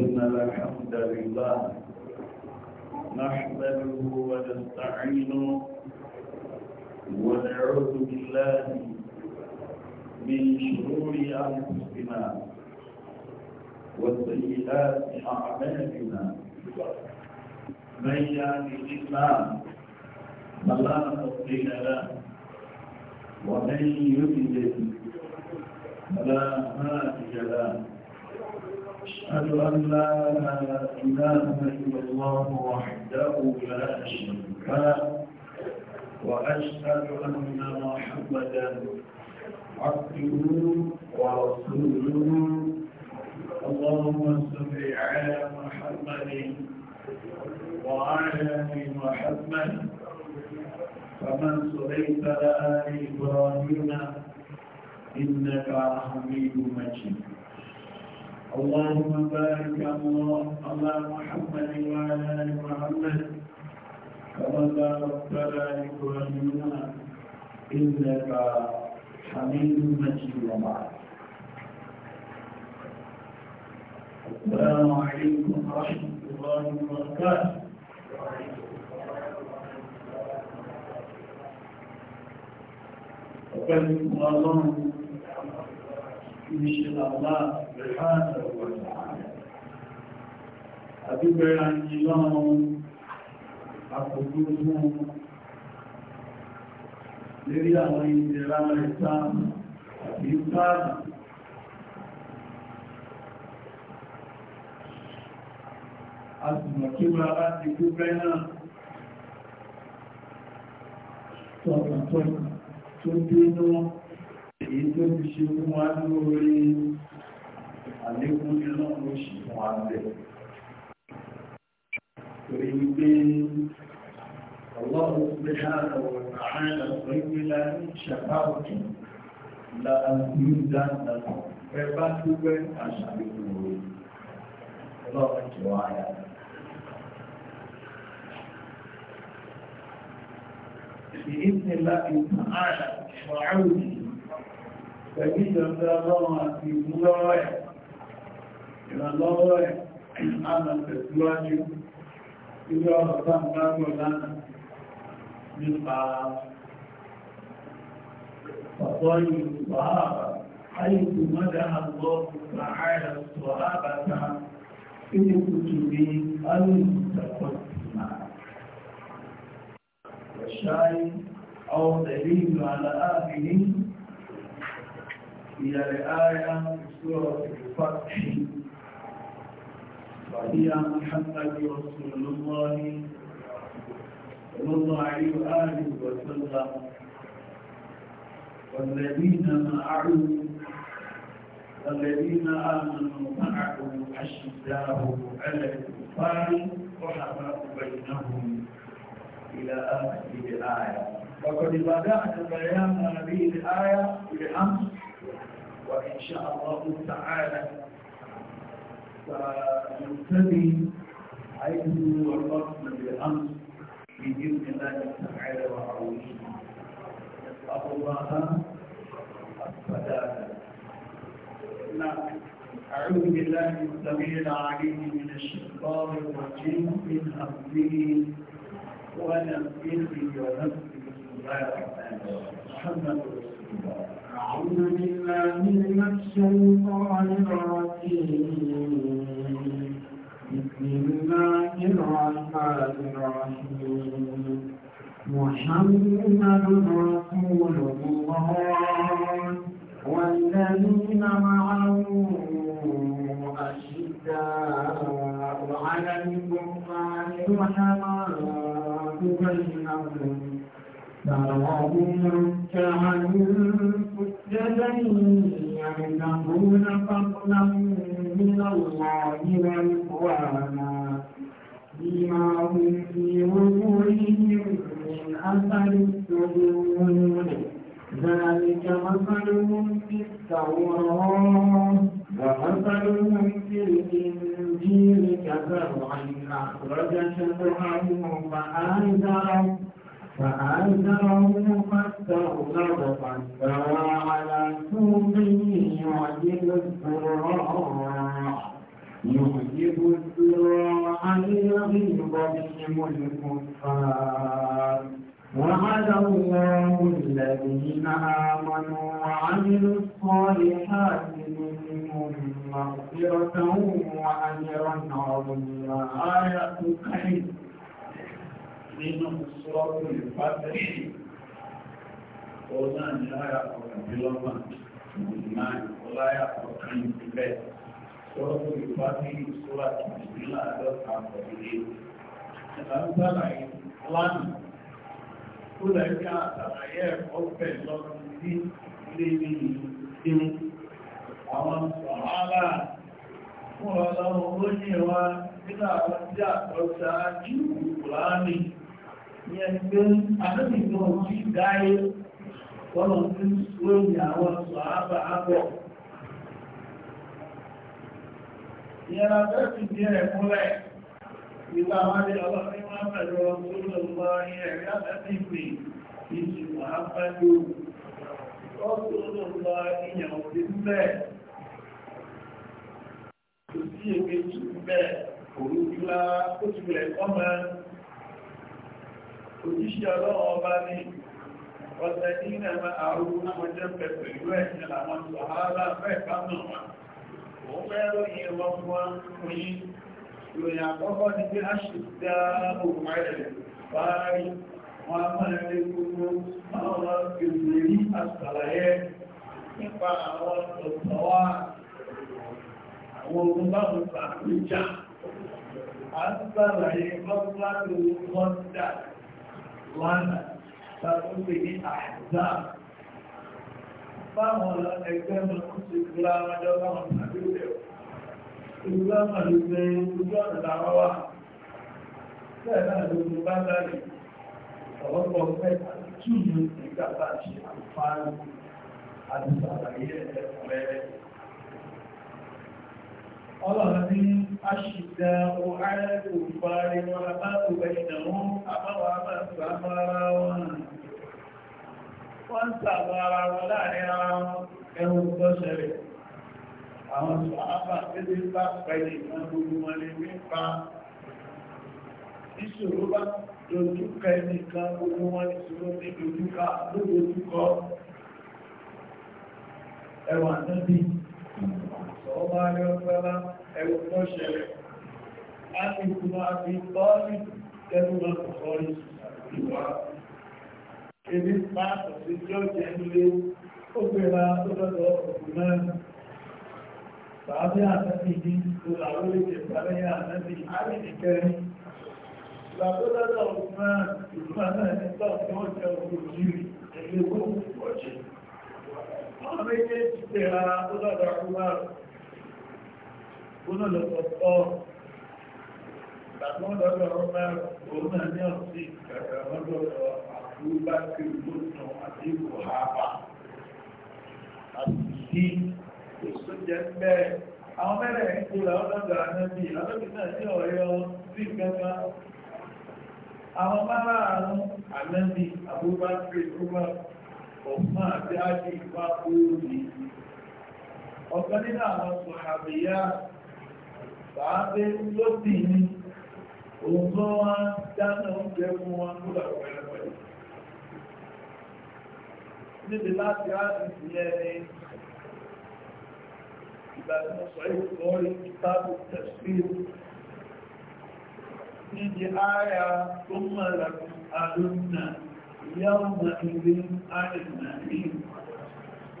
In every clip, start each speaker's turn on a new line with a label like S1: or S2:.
S1: إن الحمد لله نحمده ونستعينه ونعوذ بالله من شرور أنفسنا وسيئات أعمالنا من يهده الله فلا مضل له ومن يضلل فلا هادي له أشهد أن لا إله إلا الله وحده لا شريك له وأشهد أن محمدا عبده ورسوله اللهم صل على محمد وعلى آل محمد فمن صليت على آل إبراهيم إنك حميد مجيد اللهم بارك الله على محمد وعلى ال محمد كما باركت على ابراهيم انك حميد مجيد وبعد السلام عليكم ورحمه الله وبركاته وعليكم السلام ورحمه الله وبركاته ìṣẹ́ lọ́wọ́ ìrìnàjò wọ̀nyí. Àdúgbẹ̀rẹ̀ àti lọ́run àpòjú fún lérí àwọn ìdẹ̀ra ẹ̀ta àti ìpáàdì. A sì mọ̀ kí wọ́n láti kú fẹ́ náà tó dé náà èyí tó ti ṣe fún wa lórí àlékún iná ló ṣì fún wa bẹ̀. torí wípé ọlọ́run pé hàrà wọ̀nà hàrà pé pé láti ṣàpá òkè láàrín dáadáa ẹ bá dúpẹ́ àṣàlékún orí ọlọ́run jọ àyà. بإذن الله تعالى وعونه pẹ̀lú ìjọba ọlọ́run àti ìmúlọ́wọ́ ẹ̀ ìrànlọ́wọ́ ẹ̀ àmà tẹ̀síwájú ilé ọ̀rọ̀ sáàmùlágbọ̀ lánà nípa ọ̀pọ̀ ìlú ààbà ayíkù mọ́dá àgbọ̀ ààrẹ sọ àbàtà ilé kùtù ní alùpùpù وشاي أو دليل على آخره هي الآية في سورة الفتح وهي محمد رسول الله صلى الله عليه وآله وسلم والذين معه والذين آمنوا معه أشداء على الكفار رحماء بينهم إلى آخر الآية وقد بدأت بيان هذه الآية بالأمس وإن شاء الله تعالى سننتهي حيث وقفنا بالأمس بإذن الله تعالى وعونه نسأل الله السداد نعم أعوذ بالله السميع العليم من الشيطان الرجيم من همزه ونفسه ونفسه بسم الله الرحمن الرحيم محمد رسول الله
S2: أعوذ بالله من الشيطان الرجيم بسم الله الرحمن الرحيم محمد رسول الله والذين معه أشداء على الكفار رحماء بينهم تراهم ركعا سجدا يبتغون فضلا من الله ورضوانا فيما هم في وجوههم من اثر السجود ذلك مثلهم في التوراه ومثلهم في الانجيل كزرع اخرج شطحه فآزره فآزره فاستغلظ فاستوى على سوقه يعجب الزراع يعجب الزراع ليغيظ بهم الكفار وعد الله الذين آمنوا وعملوا الصالحات منهم مغفرة وأجرا عظيما
S1: آية كريمة nínú sọ́ọ̀tù ìpátẹ́lì ọ̀nà ìláyà ọ̀kàndínlọ́gbọ̀n ìgbìmọ̀ ọláyà ọ̀kàndínlẹ̀ sọ́ọ̀tù ìpátẹ́lì sọ́lá ìgbìmọ̀ àdọ́ta ọ̀kàndínlẹ̀ ìtàlùbálàyé lánàá ó lẹ́gbẹ́ àtàlàyé ẹ̀kọ́ pẹ̀ lọ́rùn sí ilé nínú ìdíwọ̀n àwọn sọ̀hálà fún ọlọ́run ó ní wa nígbà àwọn tí àkọ́ṣáájú ìkùránì yẹn pé àdókìtò òun ti dáyé kọ́lọ̀ tí lórí àwọn sọ̀hábà ápọ̀ ìyẹn abẹ́ ti di ẹ̀kúnlẹ̀ ìwà wáyé ọlọ́rin wọn pẹ̀lú ọdún lọ́wọ́ ẹ̀rí àbẹ́sìn pé ìṣù àpẹ́lú ọdún lọ́wọ́ ìyàwó òjíṣẹ́ ọlọ́wọ́ ọba ní ọ̀sẹ̀ ní ẹ̀mà àrùn náà jẹ́ pẹ̀lú ẹ̀yìn àwọn sọ̀hálà fẹ́ kánà wọn òun mẹ́rọ yìí wọ́n fún wọn fún yí ìròyìn àkọ́kọ́ nípa àwọn ọ̀tọ̀wà àwọn ogun báwọn sàmìjà a ń sàlàyé mọ́tíláàtò wọ́n dáa lánàá táwọn pè ní àìsà báwọn ẹgbẹ́ wọn ti gbúra wọn jọ báwọn tàbí rẹ̀ ìgbúra wọn ló fẹ́ ojú ọ̀nà làwọn wà bẹ́ẹ̀ náà ló أشداء على الكفار ورحمة بينهم أمر سمرا وانتظرا ولا يرام ẹ̀hùn tó ṣẹlẹ̀ àwọn sọ̀hábà tẹ́lẹ̀ bá pẹ̀lẹ̀ ìwọ̀n gbogbo wọn lè rí pa ìṣòro bá dojúkọ ẹnìkan gbogbo wọn ìṣòro ní dojúkọ lójojúkọ ẹwà náà ọmọ alẹ́ ọ̀pẹ́lá ẹ̀wù tó ṣẹlẹ̀ láti ìtumọ̀ àti tọ́lì tẹ́lú wọn kò sọ́rí ìwà ebi pàtó sí tí ó jẹ́ nílé ó gbéra tó lọ́dọ̀ òkú náà bàbá àtàkì ní olàwó ìjẹ̀ parí àtàkì àríkẹ́rin bàbá lọ́dọ̀ òkú náà ìlú náà ní tọ́ọ̀tọ́ jẹ́ òkú jírí ẹgbẹ́ òkú ọ̀jẹ̀ kúrò lọ́pọ̀pọ̀ ìgbàgbọ́dọ̀dọ̀ ọmọ òun náà ní ọ̀sìn ìgbàgbọ́dọ̀dọ̀ àbúrúbá kí ló tàn àti ìwò àbá àti ìsójẹ́ bẹ́ẹ̀ àwọn mẹ́rẹ̀ ń kó làwọn lọ́dọ̀ ànábì àlọ́bì náà ní ọ̀rẹ́ ọ sí gbẹ́gbá àwọn márààrún ànábì àbúrúbá kí ló ọ̀fún àti ájì ìfá kúrò ní ọ̀kan nínú àwọn sọ̀hàbìyà Bàbá ló bì ní òun kọ́ wá dáná oúnjẹ fún wọn tó dàgbà pẹ̀lẹ́pẹ̀lẹ́. Níbi láti ráàdì sí ẹni ìgbà tí mo sọ yìí rí tábù tẹ̀sí níbi ààyà tó mọ̀ lẹ́kùn àlùmọ̀ ìyáwó mọ̀ ìlú àìmọ̀ ìlú.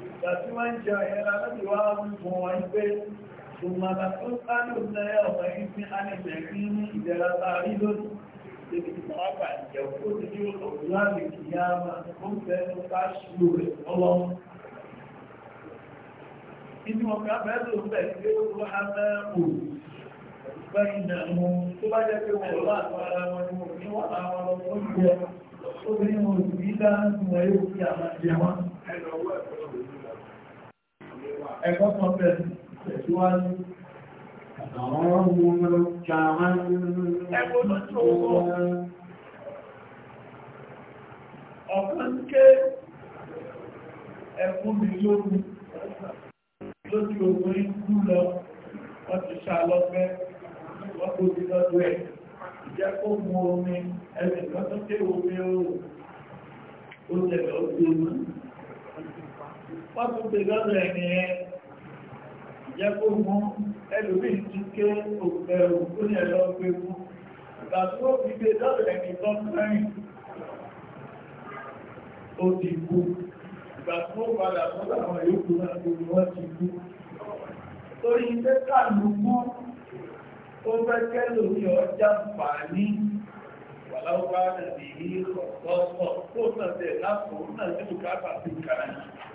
S1: Ìgbà tí wọ́n ń jẹ àyẹ́ra láti wá mú wọn wáyé pé ثم تسأل يوم إذن عن اليقين إذا قائد بالإضافة يقول يوم أيام القيامة كنت تشعر الله إن وكبر بكر وحمام بينهم ثم يقول الله تعالى والمؤمن وعلى الحجة تبهم الزيدان ويبكي على الجمال ẹ̀kọ́ kan bẹ̀rẹ̀ tẹ̀síwájú àwọn ọmọ ọjà wọn ẹgbẹ́ lójú ọwọ́ ọ̀kan ké ẹkún mi lórí lójú ogun ikú lọ wọ́n ti ṣá lọ́gbẹ́ wọ́n kò sí lọ́dọ̀ ẹ̀ ìjẹ́ kó mú omi ẹ̀sìn kan tó ké omi oòrùn ó tẹ̀lẹ̀ ó tẹ̀lẹ̀ wọ́n tún tẹ̀lẹ̀ lọ́dọ̀ ẹ̀ jẹ́ kó mú ẹlòmí ti ké òkèrò tó ní ẹ̀lọ pé mú ìgbà tí ó fi gbé dọ́rẹ̀ ní tọ́kùnrin ó ti kú ìgbà tí ó padà tó láwọn yòókù náà gbogbo wọ́n ti kú torí ilé kàlù mú ó fẹ́ kẹ́lò ní ọjà fàání wàláwọ́ bá rẹ̀ ní ọ̀pọ̀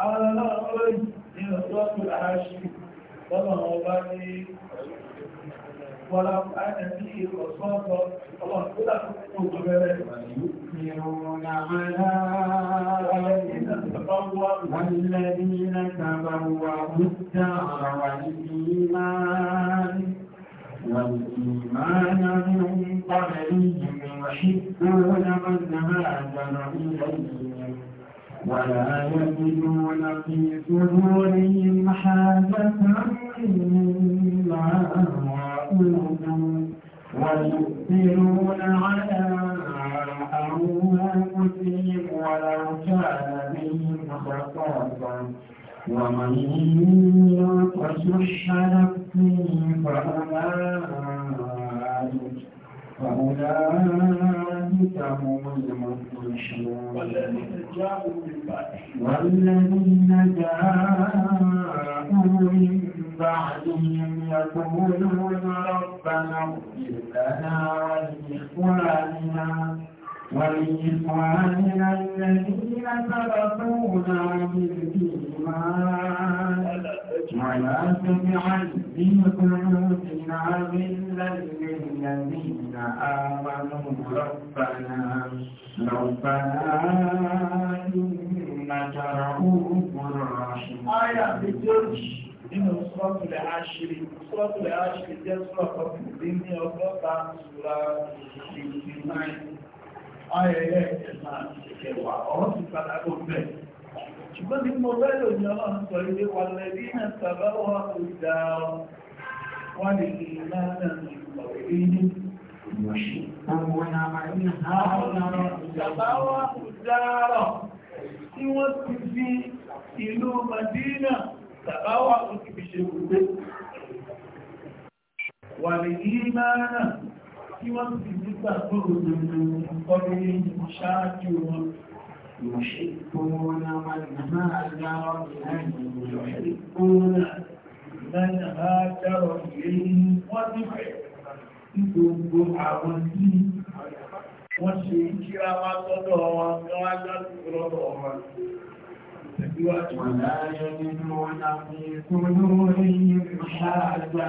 S1: àwọn ọlọ́rọ̀ nínú tọ́tù àṣì lọ́nà ọba ní wọ́lá àìyànjú ìrọ̀sọ́ọ̀tọ̀ ọlọ́run tó dàkọ́
S2: tó tó bẹ̀rẹ̀ يؤمنون على والذين تبوأوا الدار والإيمان والإيمان من قبلهم يحبون من هاجر إليهم ولا يجدون في صدورهم حاجة مما أنفقوا ويؤثرون على أنفسهم ولو كان بهم خصاصة ومن يوق شح نفسه فأولئك فأولئك والذين جاءوا من بعدهم يقولون ربنا اغفر لنا ولإخواننا ولإخواننا الذين سبقونا بالإيمان ولا تجعل في قلوبنا غلا للذين آمنوا ربنا ربنا إنك رؤوف رحيم آية بترش
S1: nínú sọ́ọ̀tù الصلاة aṣírí sọ́ọ̀tù lè aṣírí jẹ́ sọ́ọ̀tù ní الصلاة في الدنيا ayẹ lẹ́ẹ̀kẹta ìkẹwà ọ̀rọ̀ ti padà kó bẹ̀. ṣùgbọ́n ní mo bẹ́ẹ̀ lò ní ọlọ́run sọ ilé wa lẹ́bí náà sábà wà kó dá ọ wọ́n lè ní lánàá ní ìkọ̀wé ní Tí wọ́n ti fi ìlú Madina tàbáwà tó ti fi ṣe gbogbo. Wà ní ìmáà náà tí wọ́n ti nígbà tó òdòdó ọkọ̀rí ṣáájú wọn يحبون
S2: من هاجر إليهم يحبون من هاجر
S1: إليهم وتفعل gbogbo àwọn tí wọ́n ṣe kíra wá tọ́dọ̀ wọn tó wá jáde lọ́dọ̀ wọn. Wàláyé nínú ọ̀nà ìkúrú orí ìrìnṣà àjá.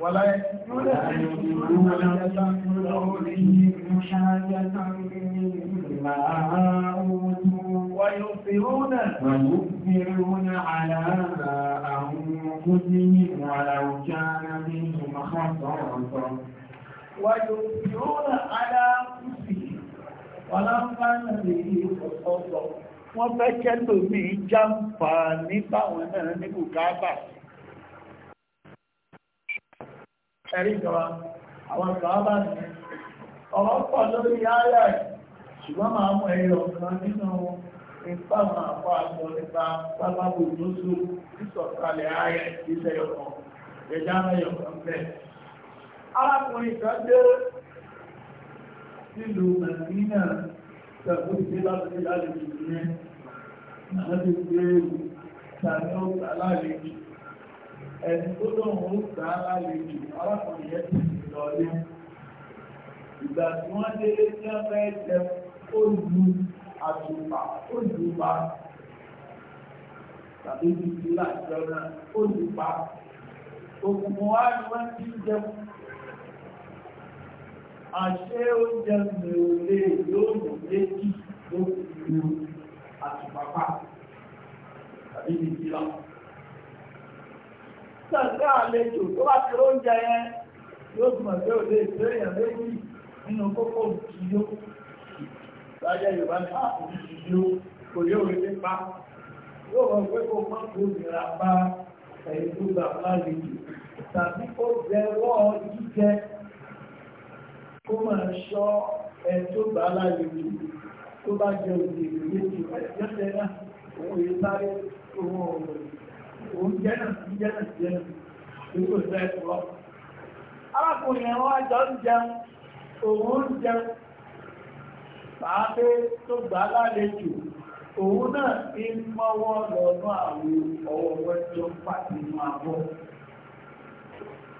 S1: ولا ويؤثرون
S2: على أنفسهم ولو كان بهم خصاصة
S1: ويؤثرون على أنفسهم ولو كان بهم خصاصة wọ́n fẹ́ kẹ́lò ní jàǹfà ní báwọn ẹ̀rí ìjọba àwọn ìgbàlábà ní ọ̀rọ̀ pọ̀ lórí ayá ẹ̀ ṣùgbọ́n máa mú ẹyọ kan nínú nípa àwọn àpá àjọ nípa pálábò lóṣù ìsọ̀kalẹ̀ ayá ìṣẹ́ ọkọ̀ ẹ̀já mẹ́yọ kan bẹ́ẹ̀. arákùnrin kan dé nílùú mẹ̀rínà pẹ̀lú ìdí láti fi lálejò ní àwọn ti gbé tàbí ó gbà lálejò ẹni tó lóhun ó gbà á lálejò arákùnrin yẹn ti sì lọ lé ìgbà tí wọ́n délé tí wọ́n fẹ́ jẹ ó lu àtùpà ó lu pa tàbí ibi láìjọ náà ó òkùnkùn wá ni wọ́n ti ń jẹun àṣẹ oúnjẹ mi ò lóòrùn méjì lókùnkùn àtùpàpà tàbí ibi láìjọ sàǹgá àlejò tó bá ti róúnjẹ yẹn yóò túnmọ̀ pé òde ìfẹ́ èèyàn méjì nínú kókó òjìyó láyé yorùbá ah, ní òjìyó kò yóò rí nípa yóò mọ̀ pé kó má kó nira bá ẹ̀yìn tó gbà lálejò tàbí kó jẹ wọ́ jíjẹ kó máa ṣọ́ ẹ̀ tó gbà lálejò tó bá jẹ òjìyó méjì ẹ̀jẹ̀ náà òun yìí sáré òun ọ̀rọ̀ òun jẹ́nà sí jẹ́nà sí jẹ́nà tó gbà lálejò òun náà ti ń mọ́wọ́ lọ́nà àwọn ọwọ́ wẹ́jọ pàtì inú àbọ̀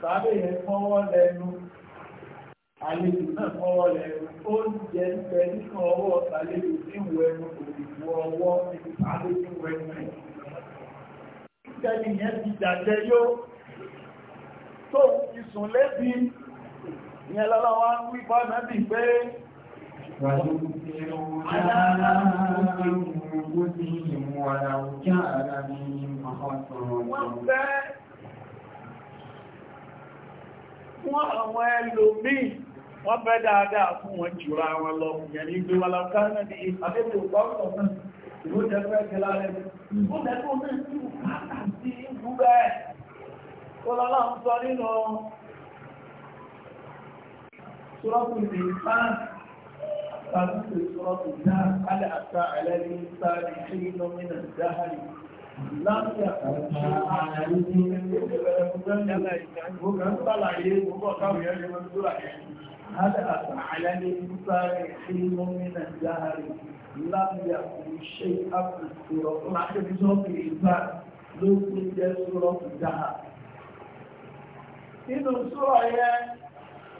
S1: pàápẹ́ yẹn mọ́wọ́ lẹ́nu àlejò náà mọ́wọ́ lẹ́nu oúnjẹ ń bẹ nínú ọwọ́ àlejò ní ìwẹ̀nu òdìbò tẹ́lì yẹn ti dàjẹ́ yóò tó ti sùn lẹ́bí ìyẹn lọ́lọ́wọ́ wí bọ́nà bí pé Wọ́n àwọn ẹlòmíì wọ́n fẹ́ dáadáa fún wọn jùra wọn lọ, ìyẹn ní gbé wọn lọ káàkiri náà ìlú tẹ́fẹ́ kẹlá rẹ̀. Ó lẹ́kọ́ náà tí ó kàtà sí ìlú bẹ́ẹ̀. Ó lọ́lá ń sọ nínú ṣọ́rọ́kù ní ìpáà tàbí ṣe ṣọ́rọ́kù dá alẹ́ àta ẹlẹ́ni sáré ṣe iná mínà dáhàrí. Láti àkàtà àárín ní ẹgbẹ̀rẹ̀ fún gbẹ́mìlẹ̀ ìgbẹ̀rẹ̀ fún sálàyé gbogbo ọ̀táwìyẹ ni wọ́n tó rà yẹn. Alẹ́ àta ẹlẹ́ni sáré ṣe iná mínà dáhàrí lábíyà kò ṣe àpòsọ̀rọ̀ fún akẹ́bíṣọ́ọ̀kì ìgbà ló kún jẹ́ sọ́rọ̀ dáa.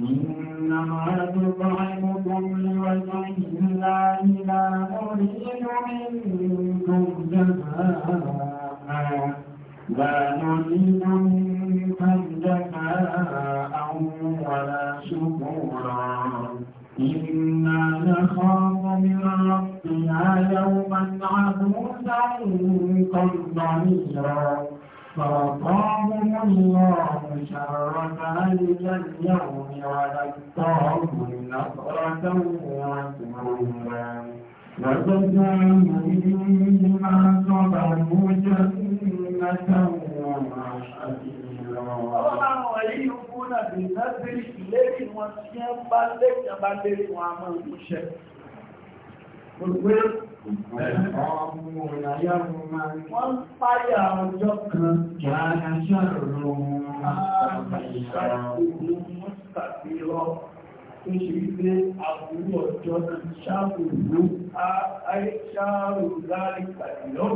S2: إنما تطعمكم لوجه الله لا نريد منكم جزاء لا نريد منكم جزاء ولا شكورا إنا نخاف من ربنا يوما عبوسا قد ضميرا فوقاهم الله شر ذلك اليوم ولقاهم نصرة وسرورا وجزاهم بما صبروا جنة وحسيرا Ọlọ́run
S1: ẹ̀yí ìrúkú náà bí náà bí lẹ́yìn wọn tí ẹ bá lẹ́yìn bá lẹ́yìn wọn a máa ń ṣẹ́. Olùgbé wọ́n páyà ọjọ́ kan yàrá
S2: ṣàrùn àwọn tó
S1: ṣe wípé àbúrú ọjọ́ ṣáàbùrú àìṣàrù láàrin pàdìlọ́.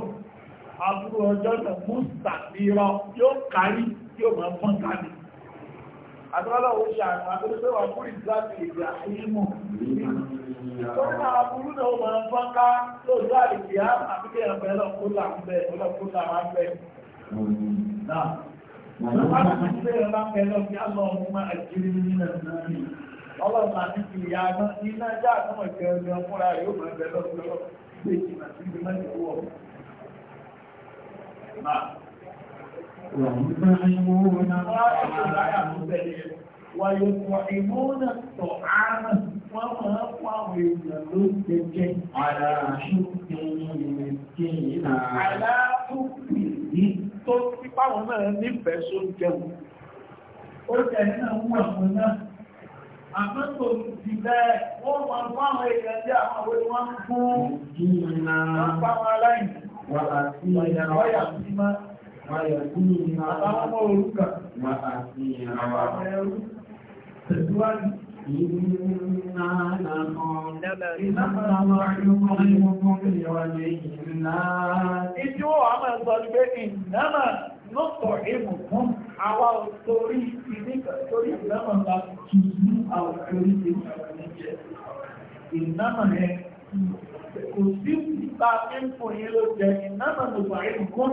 S1: Àbúrú ọjọ́ náà mú sàbírọ yóò kárí yóò máa fọ́n kárí àtọ́lọ́ ó ṣe àrùn àtọ́lọ́pẹ́ wà fún ìgbàtí èdè àìyímọ̀ tó ní àwọn burú náà ó máa ń fọ́nká lóòjú àdìgbì á àbíkẹ́ ẹ̀fẹ́ lọ́kúnlà ń bẹ̀ lọ́kúnlà máa ń bẹ̀rẹ̀
S2: ويطعمون
S1: ويطعمون الطعام وما طعمون الزكاة على شكره مسكينا على شكره tó ti páwọn náà nífẹ̀ẹ́ só jẹun ó jẹ́ náà wọ́n àwọn náà àmọ́tò ti bẹ́ẹ̀ wọ́n máa fáwọn èèyàn tí àwọn òwe wọ́n ń fún
S2: ìgbìyànjú àwọn aláìní wọ́n àti ìyàwó máa àtàwọn orúkà wà àti ìrànwà ẹrú tẹ̀síwájú
S1: Ìnà lọ́kọ̀ọ́ ìlànà àjọ́kọ́ ìwọ̀n ìwọ̀n ìlànà. Ìjú wọ́n a máa sọ pé ìnámà lọ́pọ̀ èmù fún àwa torí ìdíkà torí ìnámà bá tùsù àwọn torí ìdíkà níjẹ. Ìnámà ẹ kò sí ìgbà pínkù yìí ló jẹ ìnámà lọ́pọ̀ èmù fún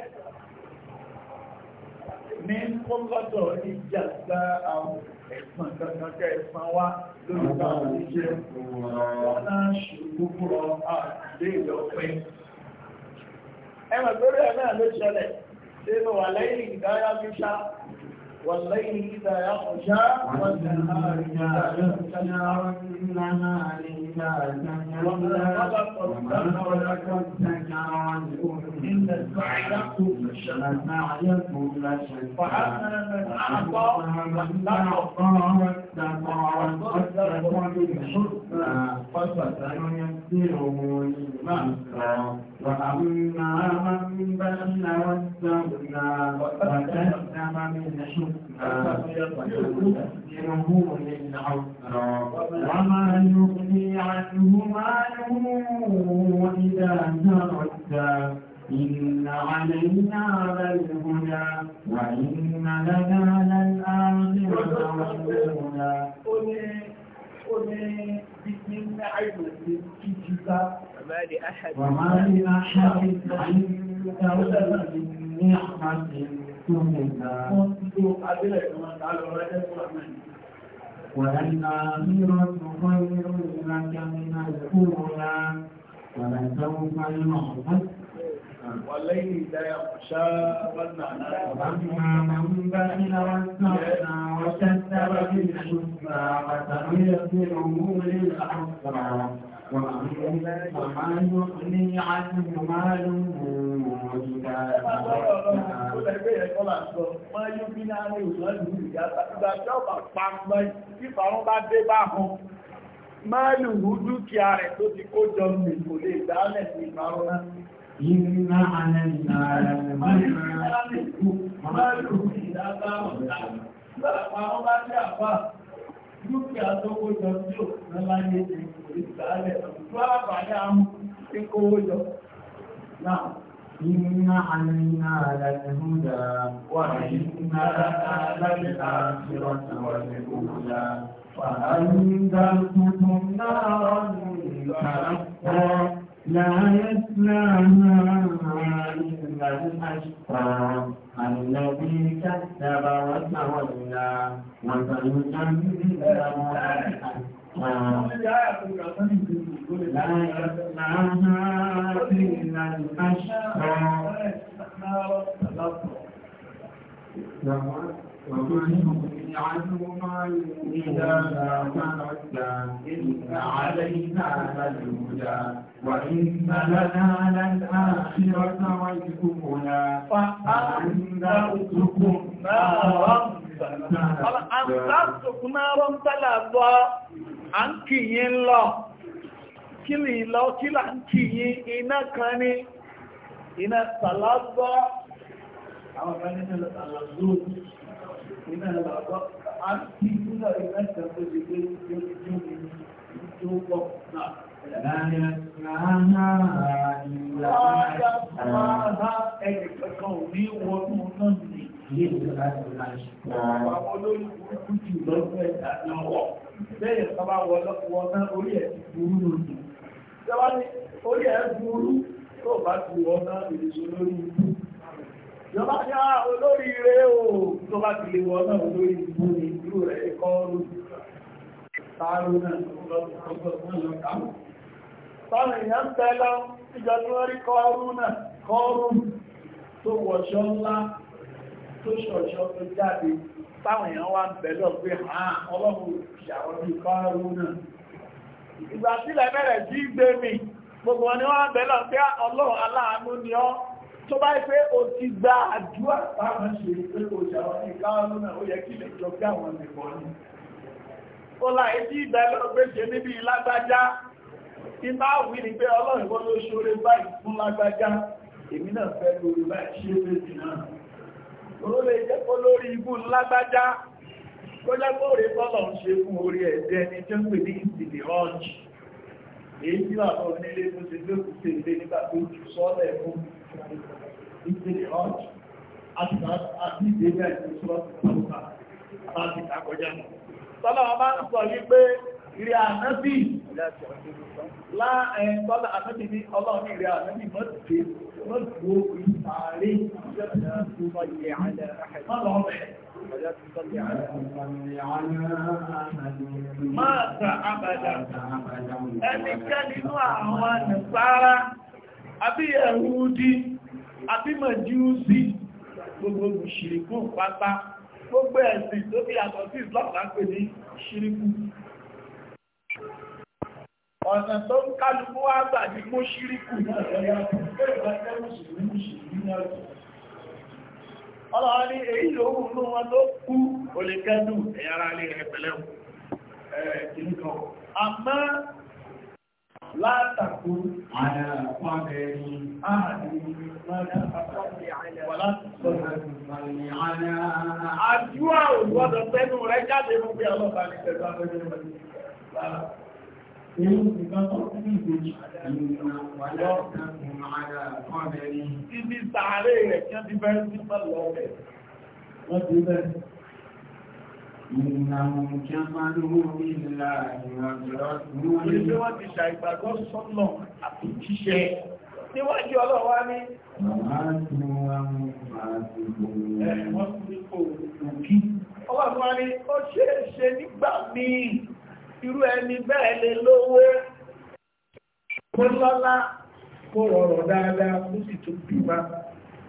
S1: ní kọ́lọ́dọ̀ ìjà gba àwọn ẹ̀sùn kankankan ẹ̀sùn wá lórí àwọn iṣẹ́ ọ̀nà ṣùgbọ́n àti ilé ọ̀pẹ́. ẹ̀mọ̀ lórí ẹ̀ náà ló ṣẹlẹ̀ nínú wà lẹ́yìn ìdáyà fíṣà wà lẹ́yìn ìdáyà ọ̀ṣá wọ́n ti
S2: إنها لما تهرب وما خلقت سكر والأنثى فسعيكم شيء فأما من أعطى واتقى من بالحسنى فسنيسره للمسرى وأما من بخل واستغنى من بالحسنى فسيسره للعسرى وما يغني عنه ماله وإذا تردى إن علينا للهدى وإن لنا للآخرة والأولى وما لأحد عنده من نعمة تمنى والآخرة خير لك من الأولى ولسوف يعطيك والليل إذا يغشى والنعناع وأما من بخل واستغنى وكذب بالحسنى وسنيسره للعسرى وما يغني عنه ماله إذا Máa
S1: yóò bí ní àwọn ìṣòro ìlú ìjàta ìgbàjọ́ bá pàpàá ìfàrún bá dé bá hùn. Máa lù hù dúkìá rẹ̀ tó ti kó jọ mi kò lè dálẹ̀ sí ìfàrún náà. Ìrìnà àlẹ́ ìdára rẹ̀ máa lù hù ìdáta ọ̀dá. Bẹ́ẹ̀ dúkìá tó kó jọ tí ò lọ́lá ní èdè ìgbàlẹ̀ tó àbáyé àmú tí náà.
S2: Inna àmìnà àlàyéhúdà wà nínà àlàyéhàkìrọ̀tà الذي كذب وتولى وسيجنبها لا يسمعها إلا المشقى وكلهم عنه معلوم إذا ما تردى إن علينا للهدى وإن لنا للآخرة والأولى فأنذرتكم نارا
S1: أنذرتكم نارا تلظى عنك يلا kílì lọ kí là ń kì yí iná kan ní iná tàlágbọ́ àwọn kan nínú tàlágbọ́ iná làbọ̀ àti ìgbúdà ìrẹsẹ̀ tó ti gbé jó mi jó pọ̀ náà. Láyé láhàá ìlà ẹ̀ẹ̀kọ̀kan ò ní wọnú náà ní
S2: ilé láti láṣẹ. Àwọn
S1: olóyìnbó jù orí ẹ̀ ti tó bá ti wọ náà ìrìnsò lórí ikú ìjọba ní ah, olórí rẹ̀ o tó bá ti lè wọ́n náà olórí ìbú ní ìlú rẹ̀ ẹ̀kọ́ ọdún tààrù náà tọ́nà èèyàn tẹ́lọ ìjọ tí wọ́n rí kọrù náà kọrù tó wọ̀ṣọ́ ńlá tó ṣọ̀ṣọ́ tó jáde táwọn èèyàn wá ń bẹ̀lọ̀ pé àà ah, ọlọ́run ìṣàwọ́ bí kọrù náà ìgbà sílẹ̀ bẹ̀rẹ̀ sí gbé mi gbogbo wọn ni wọ́n bẹ̀lọ̀ pé ah, ọlọ́run aláàánú ni ọ́ tó bá pé o ti gba àdúrà táwọn ṣe pé o ṣàwọn ní káwọn náà ó yẹ kí lè jọ pé àwọn lè bọ́ ní. ó láì sí ìbẹ̀lẹ̀ ògbéṣe níbi lágbájá ìbá wí ni pé ọlọ́run wọ́n ló ṣoore báyìí fún lágbájá èmi náà fẹ́ lórí báyìí ṣe méjì náà. ó lè jẹ́ kó lórí ibú lágbájá kó jẹ́ kó rè bọ́lọ̀ ń ṣe fún orí ẹ̀dẹ́ ni tó ń pè ní ìsìlè ọ̀jì èyí tí bàbá onílé tó ṣe lókùn sí ilé ìpínlẹ̀ ọ̀jù àti ìdébẹ̀ ìṣọ́lọ́sì pàtàkì àti ìtàkọjá. Tọ́lá ọba ń sọ yí pé ìrẹ́ ànábì láàrín tọ́lá ànábì ní ọlọ́run ìrẹ́ ànábì mọ́tìdé mọ́tìdó ìtàrí
S2: Máa ta àbàdà, ẹnikẹ́ni nínú àwọn
S1: nìsára àbí ẹ̀húdí àbí màjúúsí gbogbo ṣìrìkú pátá gbogbo ẹ̀sìn tó bí yàtọ̀ sí Islam lápẹ̀ ní ṣìrìkú ọ̀nà tó ń kálukú wá gbà ní mú ṣìrìkú ọlọ́wọ́ ní èyí lòun ní wọn tó kú olè kẹ́dùn ẹ̀yára lè rẹ̀ látàkó àdàpàbẹ̀ ní àdúwà òwúwọ́dọ̀ tẹ́nu rẹ̀ jáde mú bí ọlọ́pàá ní pẹ̀lú abẹ́rẹ́ rẹ̀ lára Èyí ti bá tọ́ sí ìgbèjì ìrìnà wà lọ́ọ̀kan ìrìnà àgbà ọ̀bẹ̀rin. Ibi sàárè rẹ̀ kí wọ́n ti bẹ́rẹ̀ sí pẹ̀lú ọ̀bẹ̀. Wọ́n ti bẹ́rẹ̀. Ìnáwó jẹ́ máa ń mú ìlà ìrìnàjò níwájú ọlọ́wà ní ọlọ́wà ní ó ṣe é ṣe nígbà míì irú ẹni bẹ́ẹ̀ lè lówó kó lọ́lá kó rọrọ̀ dáadáa kó sì tún bí máa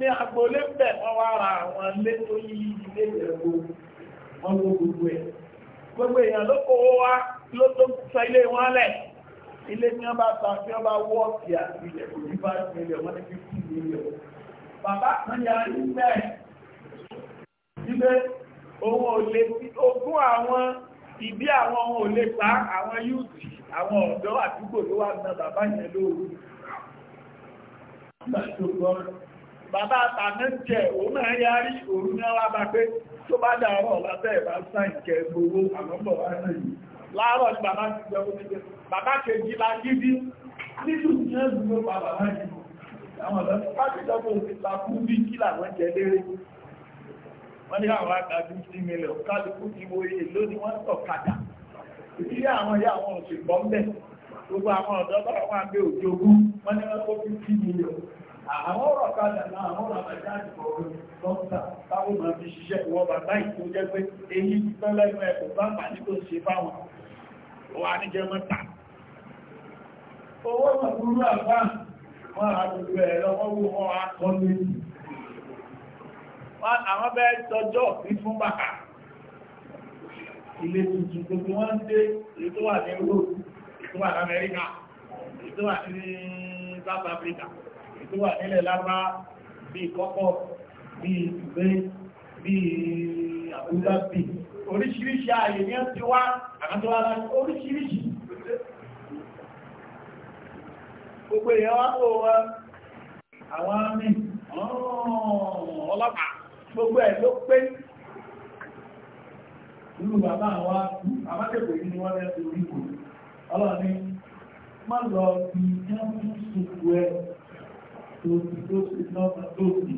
S1: ní agboolé bẹ̀ wọ́n wá ra àwọn ilé tó yí ilé ìrẹ̀gbò wọ́n gbogbo ẹ̀ gbogbo èèyàn ló kó wá ló tó sọ ilé wọn lẹ̀ ilé tí wọ́n bá tí wọ́n bá wọ́ọ̀kì àti kò ní bá ilẹ̀ wọ́n ní fífún wọn bàbá kan yà ní bẹ́ẹ̀ síbẹ̀ òun ò ogún àwọn ìbí àwọn ohun ò pa àwọn yúùtì àwọn ọ̀dọ́ àdúgbò ló wà ná bàbá yẹn lóru bàbá àtànẹ́jẹ̀ òun náà yárí òun náà wá bá pé tó bá dàárọ̀ látẹ́ ìbá sáì kẹ gbogbo àmọ́bọ̀ láàárọ̀ ni bàbá ti jẹ́ oúnjẹ bàbá kejì la gidi nínú jẹ́ gbogbo bàbá láyé àwọn ọ̀dọ́ pàtí ìjọba òfin la kú bí kí làwọn jẹ léré wọ́n ní àwọn àgbàjú sí mílẹ̀ òkàlùkù ti wo iye lónìí wọ́n tọ̀kadà ìdílé àwọn ìyá àwọn òṣèpọ̀ ń bẹ̀ gbogbo àwọn ọ̀dọ́ bá àwọn ọ̀rọ̀ kadà náà àwọn ọ̀rọ̀ àbájáde ọ̀rọ̀ lọ́ta táwọn máa fi ṣiṣẹ́ ìwọ bàbá ìtò jẹ́ pé èyí ti tán lẹ́nu ẹ̀kọ́ bá bà ní kò ṣe fáwọn wà ní jẹ mọ́ta owó mọ̀kúrú àbá wọn àgbègbè ẹ̀ lọ́wọ́ wò wọn akọ lórí àwọn bẹ́ẹ̀ tọjọ́ ní fún bàbá ilé tuntun gbogbo wọn ń dé èyí tó wà ní Europe tó wà nílẹ̀ lápá bí kọ́kọ́ bí ìgbé bí àbúgbà bí oríṣiríṣi ààyè ní ẹ́ wá àmàtọ́wà láti oríṣiríṣi gbogbo èèyàn wá tó wá àwọn àmì ọlọ́pàá gbogbo ẹ̀ ló pé nínú bàbá àwọn àmákẹ́kọ̀ọ́ yìí ni wọ́n rẹ̀ orí kò ọlọ́ni má lọ bí i jẹ́ fún ṣùgbọ́ ẹ̀ lóòtì lóòtì lọ́pàá lóòtì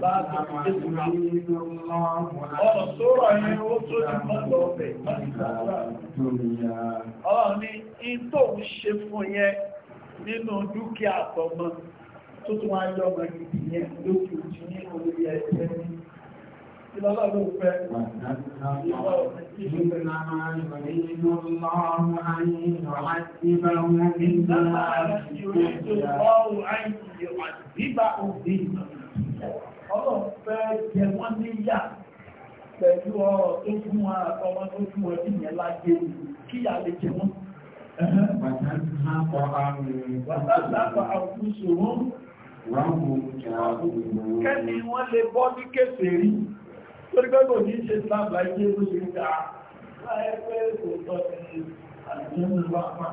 S1: Ọ̀rọ̀ tó rọ̀ yẹn nínú dúkìá àtọmọ tó tún wá yọ ọmọ ìdí lókè òjì ní olórí ẹgbẹ́ ní ìlọ́lọ́rùn
S2: fẹ́. إنما يريد الله أن يعذبهم إنما يريد الله
S1: أن يعذبهم بما Ọlọ́run fẹ́ jẹ wọ́n níyà pẹ̀lú ọ̀rọ̀ tó fún wa ọmọ tó fún wọn ní ìyẹn láyé kíyà lè jẹ wọ́n. Wàtàtàpọ̀ àkúṣòwò. Kẹ́ni wọ́n lè bọ́ ní kéfèrí torí pé kò ní ṣe islam láì jẹ́ bó ṣe ń ta láì pé kò tọ́ sí àjẹmú wa pa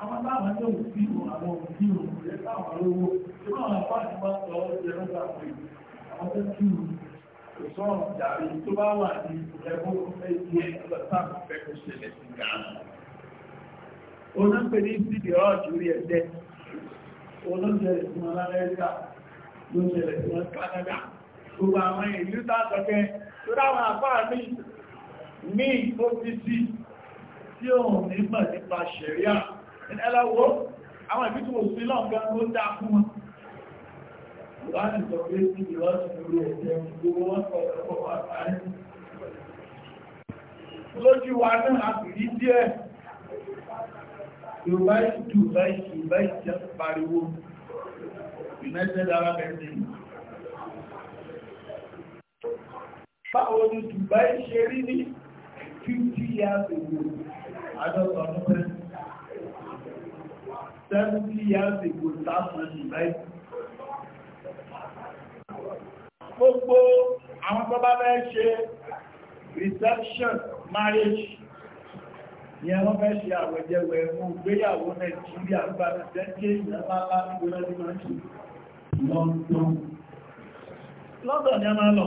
S1: àwọn táwọn tó ń fi hàn àwọn òbí òun rẹ táwọn lówó tí wọn àwọn fáàtì bá sọ ọ jẹ lọ́sà pé àwọn tó kí wà ní ẹgbẹ́ òfin ẹgbẹ́ ọ̀sán táwọn ṣẹlẹ̀ sí gàánà onápẹ̀lú ìsìdì ọ̀dù rí ẹ̀dẹ́ olóṣẹ̀lẹ̀ fún alámẹ́ríkà lóṣẹ̀lẹ̀ fún Canada gbogbo àwọn ìlú tàbí tó dáwọn àfáà ní ní ìfòfisí tí òun ní mọ̀ nípa ṣẹ̀ríà ẹlọ́wọ́ àwọn ìbí tí mo sí lọ́gbọ́n ló dá fún wọn láti sọ pé sí ìlọ́sìn orí ẹ̀jẹ̀ gbogbo wọn pẹ̀lú àtàrí lójú wa náà a sì rí pariwo United Arab Emirates báwo ni Dubai ṣe rí ní 50 years ago àjọ́sọ̀ ọdún pẹ́ 70 years ago táàmù Dubai gbogbo àwọn tó bá bẹ́ ṣe reception marriage ni ẹwọ́n fẹ́ ṣe àwẹ̀jẹwẹ̀ ẹ̀mú gbéyàwó Nàìjíríà ń bá ti tẹ́kẹ́ ìjọba láti gbọ́nà ní London London ni a máa lọ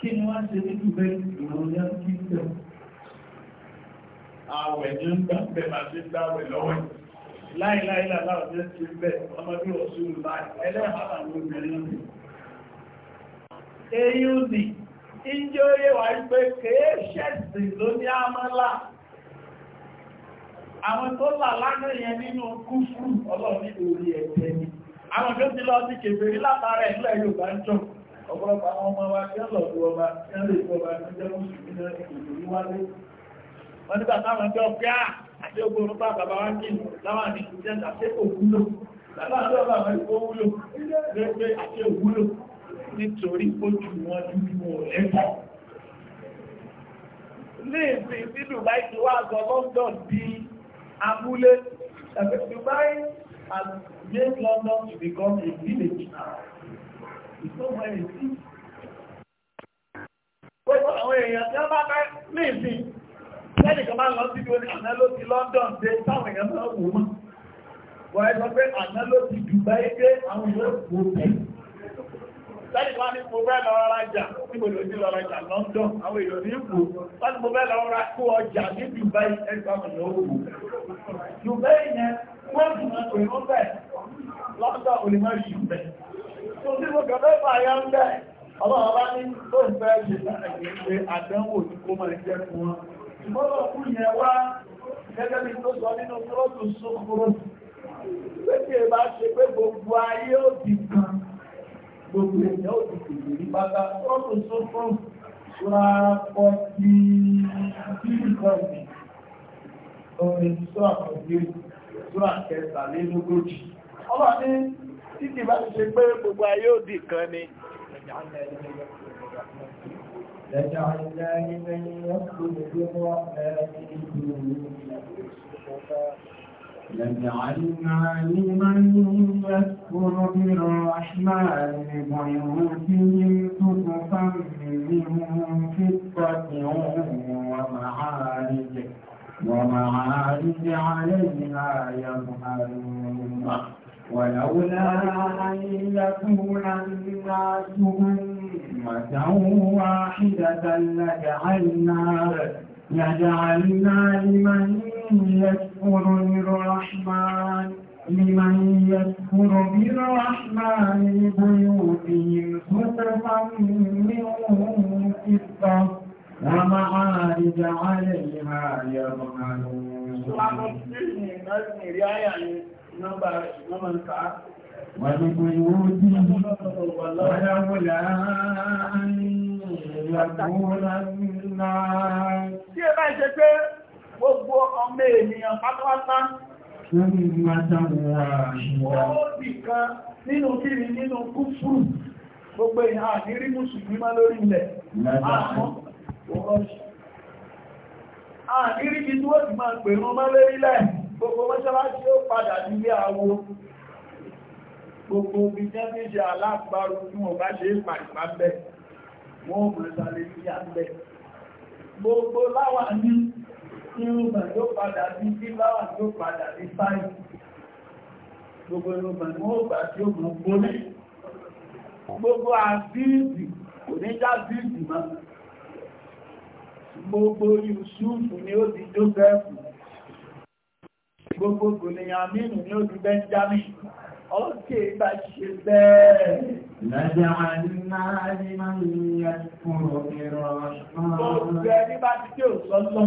S1: kí ni wọ́n ṣe ní ìgbẹ́ ìròyìn kí ń tẹ̀. Àwẹ̀ ni ó ń gbà bẹ́ máa ṣe dáwẹ̀ lọ́wọ́ láìláìlà láwọn jẹ́ ti bẹ́ ọmọdé ọ̀ṣun láì ẹlẹ́hàbà ní obìnrin ni. Èyí ò ní, ìjọ yé wà pé kèé ṣẹ̀sì ló ní àmọ́lá. Àwọn tó là lánàá yẹn nínú kúfù ọlọ́ọ̀ní orí ẹ̀tẹ́ ni. Àwọn tó ti lọ sí kèfèrí látara ẹ̀lẹ́ Yorùbá ń jọ̀kù ọ̀pọ̀lọpọ̀ àwọn ọmọ wa kí wọ́n lọ bu ọba kí wọ́n lè bu ọba tó jẹ́ mùsùlùmí náà ìlú yìí wọ́n nígbà táwọn ẹjọ́ pé à ah, àti ogun orúkọ àbàbà wa kì láwọn àmì ìjẹ́ àti òwúlò Dubai has made London to become a village now ìtọ́mọ ẹ̀ sí. Gbogbo àwọn èèyàn tí wọ́n bá bá ní ìsìn, lẹ́nìkan máa lọ sí lórí àná ló ti London dé táwọn èèyàn máa wò mọ́. Wọ́n ẹ sọ pé àná ló ti Dubai dé àwọn èèyàn wò bẹ́ẹ̀. Lẹ́nìkan ní mo fẹ́ lọ rajà níbo ló ti lọ rajà London, àwọn èèyàn ní wò. Wọ́n ní Dubai ẹgbẹ́ àwọn èèyàn wò. Dubai yẹn, wọ́n ti mọ̀ pé wọ́n bẹ̀ London olùmọ̀rí yìí bẹ̀. Kò sí mo kẹfẹ́ fàyà ń bẹ̀. Ọlọ́run bá ní tó ń fẹ́ ṣe láàrin pé àdánwò ní kó máa jẹ́ fún wọn. Ṣùgbọ́n lọ kú yẹn wá gẹ́gẹ́ bí tó sọ nínú kúrọ́tù sókúrò. Pé kí ẹ bá ṣe pé gbogbo ayé ó di kan. Gbogbo èèyàn ó di kèdè ní pátá. Kúrọ́tù sókúrò ṣúra pọ̀ sí bí ìkọ̀ọ̀nì. Orin sọ́ọ̀kọ̀ gbé sọ́ọ̀kẹ́ta lélógójì. Ọlọ́run títí bá ṣe pé gbogbo ayé òdì kan ni لجعلنا
S2: لمن يذكر بالرحمن بيوتهم سقفا من فضة ومعارج ومعارج عليها ولولا أن يكون الناس أمة واحدة لجعلنا لجعلنا لمن يكفر الرحمن لمن يكفر بالرحمن لبيوتهم سقفا من فضة ومعارج عليها يظهرون.
S1: nọ́mbà rẹ̀ ṣùgbọ́n mọ̀ ń kàá ولبيوتهم ولولا أن يكون الناس Tí ẹ bá ṣe pé gbogbo ọmọ ènìyàn pátápátá
S2: Lórí mátàwà ìwà.
S1: Ó bì kan nínú kìrì gbogbo mọ́ṣáláṣí ó padà nílé awo gbogbo omi jẹ́mẹ́jì alágbárò tí wọ́n bá ṣe pàìpá bẹ́ wọ́n mọ̀sálẹ̀ sí àgbẹ̀ gbogbo láwà ní irúgbà tó padà sí sí láwà tó padà sí sáì gbogbo irúgbà ní wọ́n gbà tí ó mọ̀ gbólé gbogbo àbíìdì kò ní já bíìdì mọ́ gbogbo Yùsúfù ni ó ti jógẹ́fù gbogbo Bùnìyàmínù ní ó di ókè bá ṣe bẹ́ẹ̀ lẹ́jẹ̀ àìlúnáà ní máa ń yẹ fún òmìnira ọ̀ṣọ́ ọ̀rọ̀ bá ti tí ò sọ́sọ́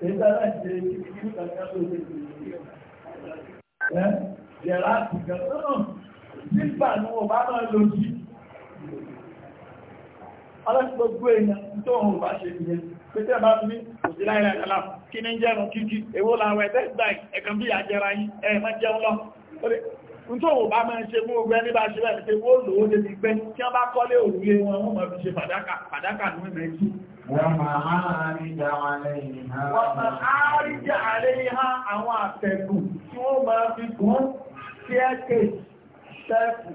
S1: Yẹ̀rá ti gẹ̀ẹ́sọ́ náà, nígbà ní wọ́n bá máa lò jí. Ọlọ́pọ̀gbọ́ èèyàn tó hùn bá ṣe ìyẹn, pété bá fi ní òsì láìlẹ̀ àjọ́lá, kí ní jẹ́rùn kíkí, èwo láwọ̀ ẹ̀tẹ́ ìgbà ẹ̀kan bí àjẹ́ra yìí, ẹ̀mọ́ jẹun lọ. Ntó wò bá máa ṣe mú ogun ẹni bá ṣe bẹ́ẹ̀ pé wó lòó débi pẹ́, tí wọ́n bá kọ́lé òrùlé wọn, wọ́n mọ̀ fi ṣe pàdákà, pàdákà ní mẹ́rin ومعارج عليها ومعارج عليها àwọn àtẹ̀gùn tí wọ́n máa fi gùn tí ẹ kèèkì tẹ́kù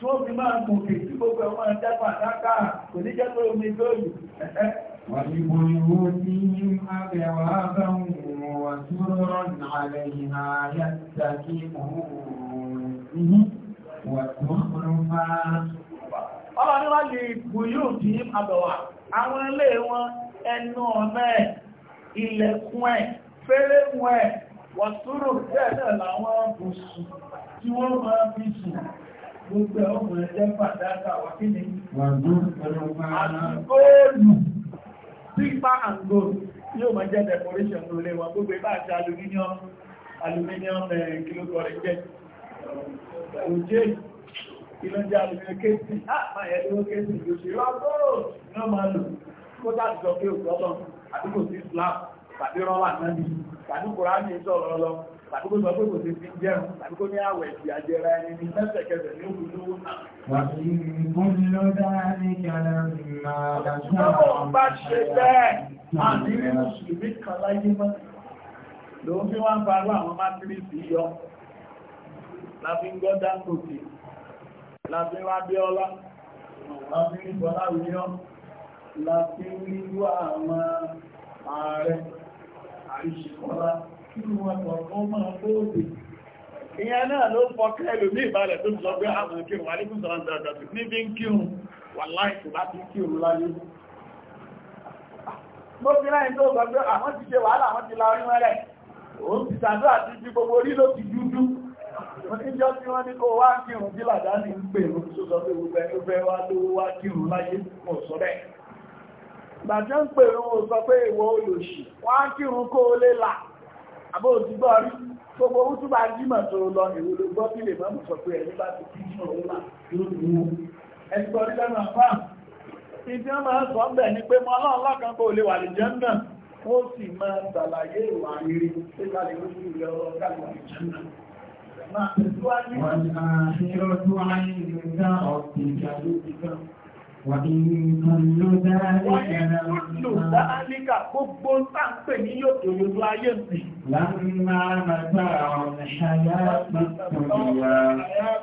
S1: tí wọ́n fi máa gùn kèèkì tí gbogbo ọmọ ẹ̀dẹ́gbà dákàá kò ní jẹ́ pé omi lóòlù ولبيوتهم أبوابا
S2: وسررا عليها يتكئون
S1: وزخرفا àwọn ilé wọn ẹnu ọ̀nà ẹ̀ ilẹ̀kùn ẹ̀ fẹ́rẹ̀mù ẹ̀ wọ̀túrò tẹ́ẹ̀lẹ̀ láwọn bùsù tí wọ́n máa fi sùn gbogbo ọmọ ni àtúgbóòlù pípa àǹgò yóò máa jẹ́ ìlọ́jà àlùmí kéèsì àpáyẹ̀ tàbí rọ́lá náàbì tàbí kòránì tàbí kó sọ pé kò sí ti jẹun tàbí kó ní àwẹ̀ ìdí àjẹrà ẹni ní lẹ́sẹ̀kẹsẹ̀ ní òkú lówó náà. Lọ́wọ́ bá ṣe bẹ́ẹ̀, àmì rí Mùsùlùmí kan láyé láti wá bí ọlá láti ní bọ́lá wíyọ́ láti ní wà máa ààrẹ àìṣẹ́kọ́lá kí wọ́n kọ̀ọ̀kan máa bóòdì ìyẹn náà ló fọ́kẹ́ ẹlò ní ìbálẹ̀ tó sọ pé àwọn ah, ìkírùn alékún sọ́rọ̀ ìdàgbàtí níbi ń kírùn wà láìsù láti kírùn láyé mo fi láì tó sọ pé àwọn ah, ti ṣe wàhálà àwọn ti la orí mẹ́rẹ̀ òun ti sàdó àti ti gbogbo orí ló ti dúdú oníjọ́ tí wọ́n ní kó wá kírun bí làdání ń pè ní ṣùgbọ́n pé gbogbo ẹni fẹ́ wá lówó wá kírun láyé mọ̀ sọ bẹ́ẹ̀ gbàjọ́ ń pè rún sọ pé ìwọ olòṣì wá kírun kó lè là àbó òtúgbọ́ rí gbogbo owó tó bá jímọ̀ tó lọ ìwò ló gbọ́ kí lè mọ́mù sọ pé ẹni bá ti kí mọ́ والآخرة عند ربك ذكر
S2: Wọ́n
S1: dáálíkà gbogbo táàpẹ̀ ní yóò tó yóò ayé sí. Láàrínà mẹ́ta ọ̀nà ṣayá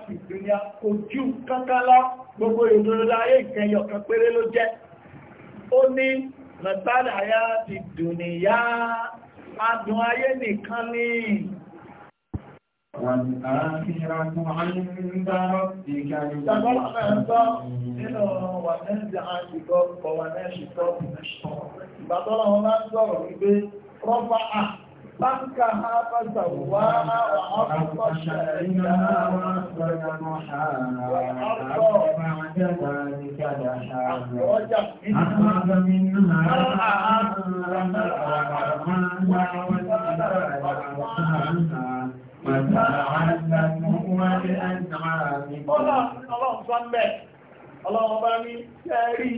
S1: ti dúnyá. Ojú kákálá gbogbo ìdúró ayé ìkẹyọ̀ kan péré ló jẹ́. Ó ní mẹ́ta àyá ti dùn níyá, adùn ayé nìkan ní والآخرة عند ربك رفع بنكها فسواها وأرض شأنها
S2: وأخرج ضحاها والأرض بعد ذلك دحاها أخرج منها ماءها ومرعاها وجبالها وأرضها Ọlọ́run
S1: bá ní ṣẹ́rí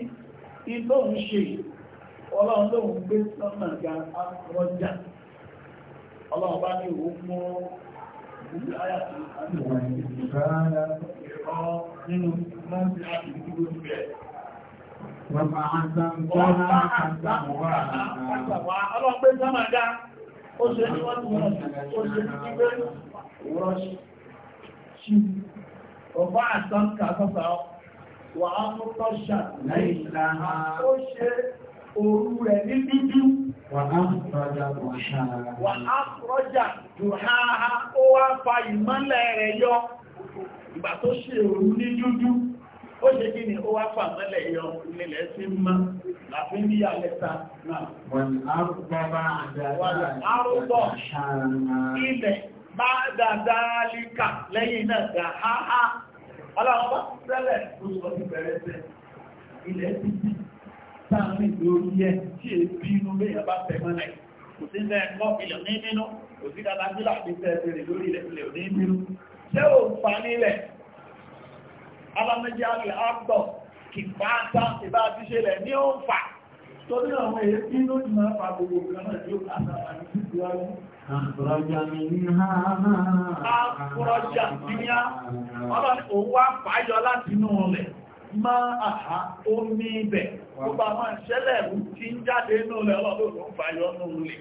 S1: ìlò ń ṣe, ọlọ́run ló gbé sọ́nà ga rọjà. Ọlọ́run bá ní òun mọ́ ìlú ayàtì àti ìwọ̀n ìrọ̀ nínú àti Wọ́n máa ń sá ó ṣe ní wọ́n tí wọ́n ó ṣe ní gbígbé rọ́ṣì ọ̀bá wà á mú tọ́ṣà láìláha ó wà á rọ́jà dùháha ó wá fa ìmọ́lẹ̀ rẹ̀ yọ ìgbà tó ṣe òru ní dúdú ó ṣe kí ni ó wá fà mọ́lẹ̀ yọ nílẹ̀ sí mọ́ láti ní àlẹ́ta náà. wọ́n arúgbọ́ ilẹ̀ bá dáadáa líkà lẹ́yìn náà dá háhá ọlọ́run bá tẹ́lẹ̀ lóṣọ́ ti bẹ̀rẹ̀ tẹ́ ilẹ̀ ti bí sáàrin lórí ẹ tí è bí inú léyàn bá tẹ̀ mọ́lẹ̀ kò sí bẹ́ẹ̀ kọ́ ilẹ̀ ní nínú kò sí dáadáa sí láti tẹ́ alámẹ́jẹ́ alẹ́ àgbọ̀ kì pàátá ìbá ti ṣe rẹ̀ ní ó ń fà torí àwọn èébí ló ti máa fa gbogbo kan náà yóò kásàrà ní títí wáyé Àkùrọ̀jà mi ní ha máa. Àkùrọ̀jà mi ní ha. Ọlọ́ni òun wá fàájọ láti inú ọlẹ̀ máa àhá omi ibẹ̀ tó bá máa ṣẹlẹ̀ rú tí ń jáde inú ilẹ̀ ọlọ́dún fàyọ ní ilẹ̀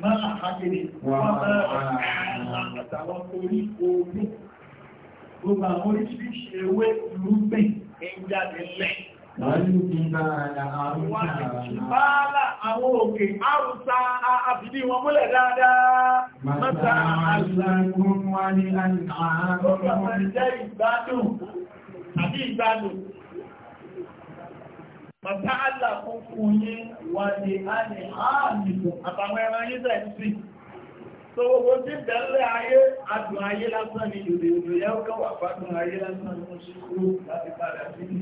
S1: máa àhá kiri wọ́n máa àtàwọn orí ogun gbogbo àwọn oríṣiríṣi ewé irúgbìn ń jáde lẹ̀. Àwọn
S2: àlàkún
S1: fún yí wá ní àrùn àmìkùn àtàwọn ẹran yí tó gbogbo tí bẹ̀rẹ̀ ayé adùn ayé lásán ni ìrìn òjò yẹ́ ó kọwà fádùn ayé lásán ni wọ́n ṣe kúrò láti padà sí ní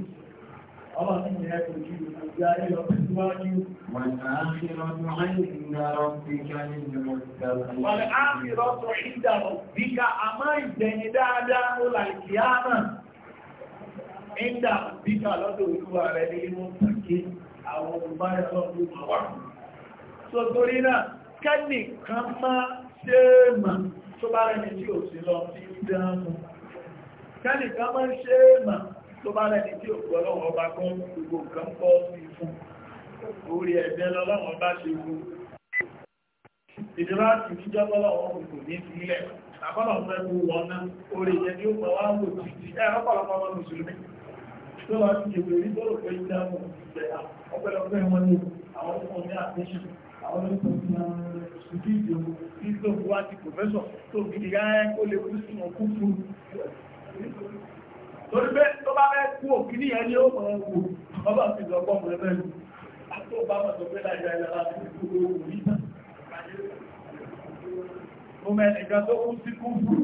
S1: ọmọ sí ní ẹkùn jù àti ayé lọ pẹ̀lúwájú wọ́n ààrẹ lọ́dún ayé ìgbàrọ̀ bí ká ní ìjọmọ̀ ìgbàrọ̀ wọ́n ààrẹ lọ́dún ìdàrọ̀ bí ká a máa ìgbẹ̀yìn dáadáa ó làìkí ámà ìdà bí ká lọ́dún olúwa rẹ̀ ní inú pàkí àwọn olùbáyọ̀ lọ́dún àwọn tó torí náà kẹ́nìkan máa ṣe mà tó bá rẹni tí ò sí lọ sí ìdánmù kẹ́nìkan mọ́ ṣe mà tó bá rẹni tí ò gbọ́ lọ́wọ́ ọba kan gbogbo nǹkan pọ̀ sí fún orí ẹ̀dẹ́ lọ́lọ́wọ́ bá ṣe fún ìjọba ti ní jọ́bọ́ lọ́wọ́ kò ní sílẹ̀ àbọ́lọ̀ fẹ́ mú wọn náà orí ìyẹn ni ó mọ̀ wá wò títí ẹ̀ ọ̀pọ̀lọpọ̀ ọmọ mùsùlùmí tó lọ sí ìwé rí bọ́lọ̀ pé ìdáhùn ìgbẹ̀yà ọpẹ́lọpẹ́ wọn ni àwọn ọmọ ní àtẹ́ṣù àwọn ọmọ ìdí ìdòwò ìgbò wá ti pòfẹ́sọ̀ tó gidi gáyẹ́ ó lè kú sí ọkú fún torí pé tó bá fẹ́ kú òkú ní ẹni ó mọ̀ wò ọba ti lọ gbọ́mù rẹ mẹ́rin àti ó bá mọ̀ tó pé láìjá ìlàlá ti fi gbogbo òwò yìí tán mo mẹ́rin ìgbà tó kú sí kú fún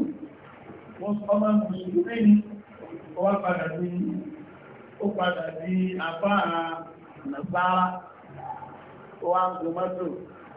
S1: wọ́n sọ máa ń bí ó wá ń gbọmọ́tò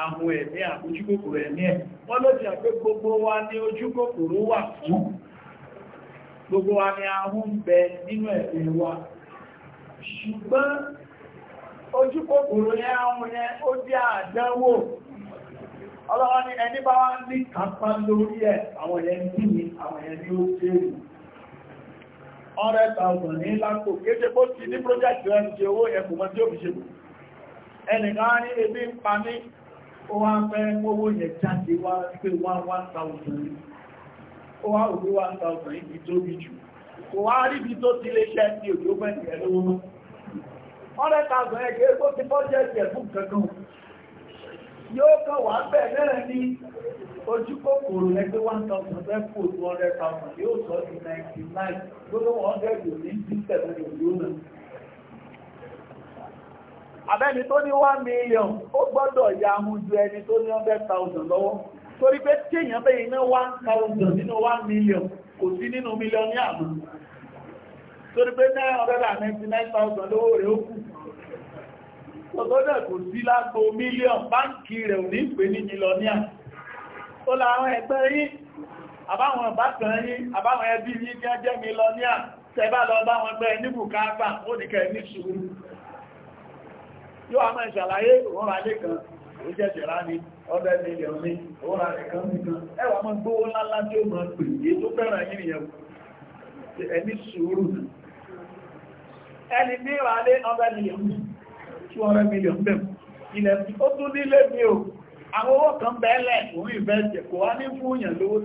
S1: àwọn ẹ̀mí àbójúkòkòrò ẹ̀mí ẹ̀ wọ́n ló jẹ́ pé gbogbo wa ní ojúkòkòrò wà fún gbogbo wa ní ahun ń bẹ nínú ẹ̀mí wa ṣùgbọ́n ojúkòkòrò yẹn ahun yẹn ó jẹ́ àdánwò ọlọ́wọ́ ni ẹni bá wá ní kápá lórí ẹ̀ àwọn ẹ̀yẹn àwọn ẹ̀yẹn ó ní lápò bó ti ní rẹ̀ ti owó ẹ̀kùnmọ́ tí ó fi ó wá fẹ́ owó yẹn jáde wá pé wá 1000 ó wá òwe 1000 ibi tó bí jù kò wá rí ibi tó ti lè ṣẹ́ ní òjò mẹ́rin ẹ̀ lówó mọ́ ọ̀rẹ́ tàbí ẹgbẹ́ tó ti bọ́jẹ́ ẹ̀ fún kankan yóò kàn wá bẹ̀ mẹ́rẹ̀ ní ojú kòkòrò ẹgbẹ́ 1000 fẹ́ àbẹ́ni tó ní 1 million ó gbọ́dọ̀ ya mú ju ẹni tó ní 100,000 lọ́wọ́ torí pé tí èyàn bẹ́ iná 1,000 nínú 1 million kò sí nínú million ní àmà torí pé 999,000 lówó rẹ̀ ó kù ọgọ́dọ̀ kò sí lágbo million báńkì rẹ̀ ò ní pè ní millionia ó láwọn ẹgbẹ́ yìí àbáwọn ìbátan yìí àbáwọn ẹbí yìí ní ọjẹ́ millionia tẹ́bá lọ bá wọn gbẹ́ ní bùkátà ó nìkẹ́ ní sùúrù yóò àmọ́ ìṣàlàyé òun ra lé kan ó jẹ́ṣẹ̀ rá ní ọdọ́ mílíọ̀n ní kan ẹwà mọ́ gbówó ńláńlá tí ó máa pè é tó fẹ́ràn nìyẹn ẹni sùúrù ẹni ní lé ọdọ́ mílíọ̀n tí wọ́n rẹ́ mílíọ̀n ilẹ̀ ó tún nílé mi o àwọn owó kan bẹ́ẹ̀lẹ̀ òun ìfẹ́ kò wá ní fún lówó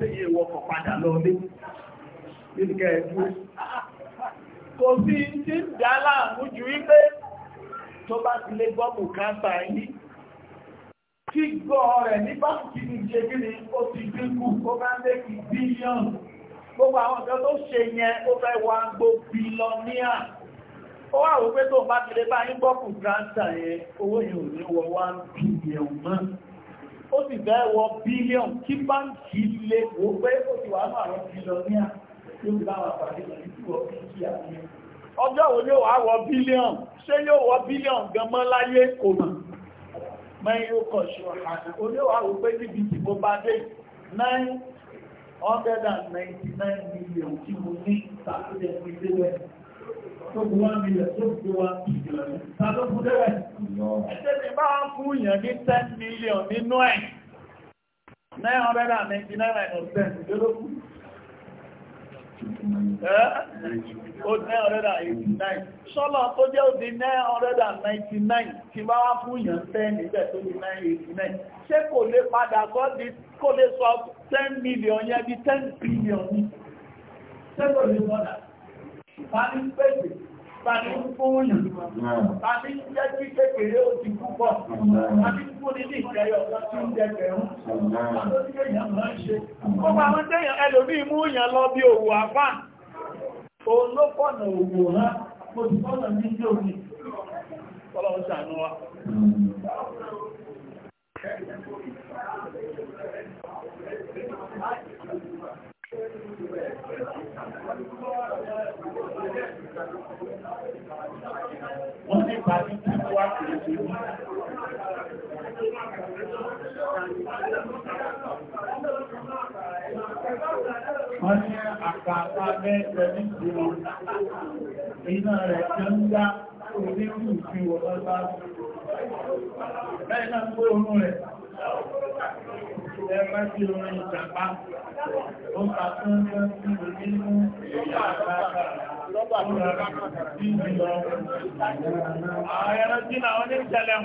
S1: kò sí ti ń dá láàmú ju tó bá ti lé gbọ́ bùkátà yìí tí gbọ́ rẹ̀ ní báńkì ní ṣe kí ni ó ti dínkù ó bá ń lékì bílíọ̀nù gbogbo àwọn ọ̀dọ́ tó ṣe yẹn ó fẹ́ wá gbó bílọ́níà ó wà wípé tó bá ti lé bá yín gbọ́ bùkátà yẹn owó yìí ò ní wọ wá bílíọ̀n mọ́ ó sì fẹ́ wọ bílíọ̀n kí báńkì lè wò pé ó ti wà náà àwọn bílọ́níà ló ọjọ́ wo ni ó wà wọ bílíọ̀n ṣé yóò wọ bílíọ̀n gan mọ́ láyé kò mọ̀ mẹ́rin ó kọ̀ ṣe ọ̀hánà oníwàwò pé níbi tí mo bá dé 999 million tí mo ní tàbílẹ̀ fún ilé rẹ̀ tó bú wá mílẹ̀ tó bú wá ìgbìlẹ̀ tàbí fún lẹ́rẹ̀ ẹ̀ṣẹ́ mi bá wá fún Sọ́lọ̀ tó jẹ́ òdí 999 ti bá wá fún ìyàn 10 níbẹ̀ tó di 989. Ṣé kò lè padà sọ́ di kò lè sọ 10 million yẹn bí 10 billion ní? Ṣé kò lè sọ́dà? Bá ní Bàtí ń fún yìí, hmm. bàtí ń jẹ́ kí kékeré ó ti púpọ̀, hmm. bàtí ń fún ní ní hmm. tí ń jẹkẹ̀rún, bàtí ó ti kéyàn máa ṣe. Ó bá wọ́n tẹ́yàn bí òwò àpá, òun ló pọ̀nà òwò rán, mo ti pọ̀nà ní ilé òní.
S3: nípa títí tó wá sí ìṣẹ́ yìí.
S1: Wọ́n ní àkàtà mẹ́ẹ̀ẹ́ ní ìṣẹ́ wọn. Iná rẹ̀ tí ń dá onírúurú ìṣẹ́ wọn lọ́gbà. Bẹ́ẹ̀ náà ń gbé rẹ̀. Ẹgbẹ́ tí ó rìn ìjàpá, ó ń pàtó ń tẹ́ sí ìlú ìyá àgbàkà, lọ́gbà tó rẹ̀ sí ìlú ọ̀rọ̀. Àwọn ẹran tí náà wọ́n ní ìjẹlẹ̀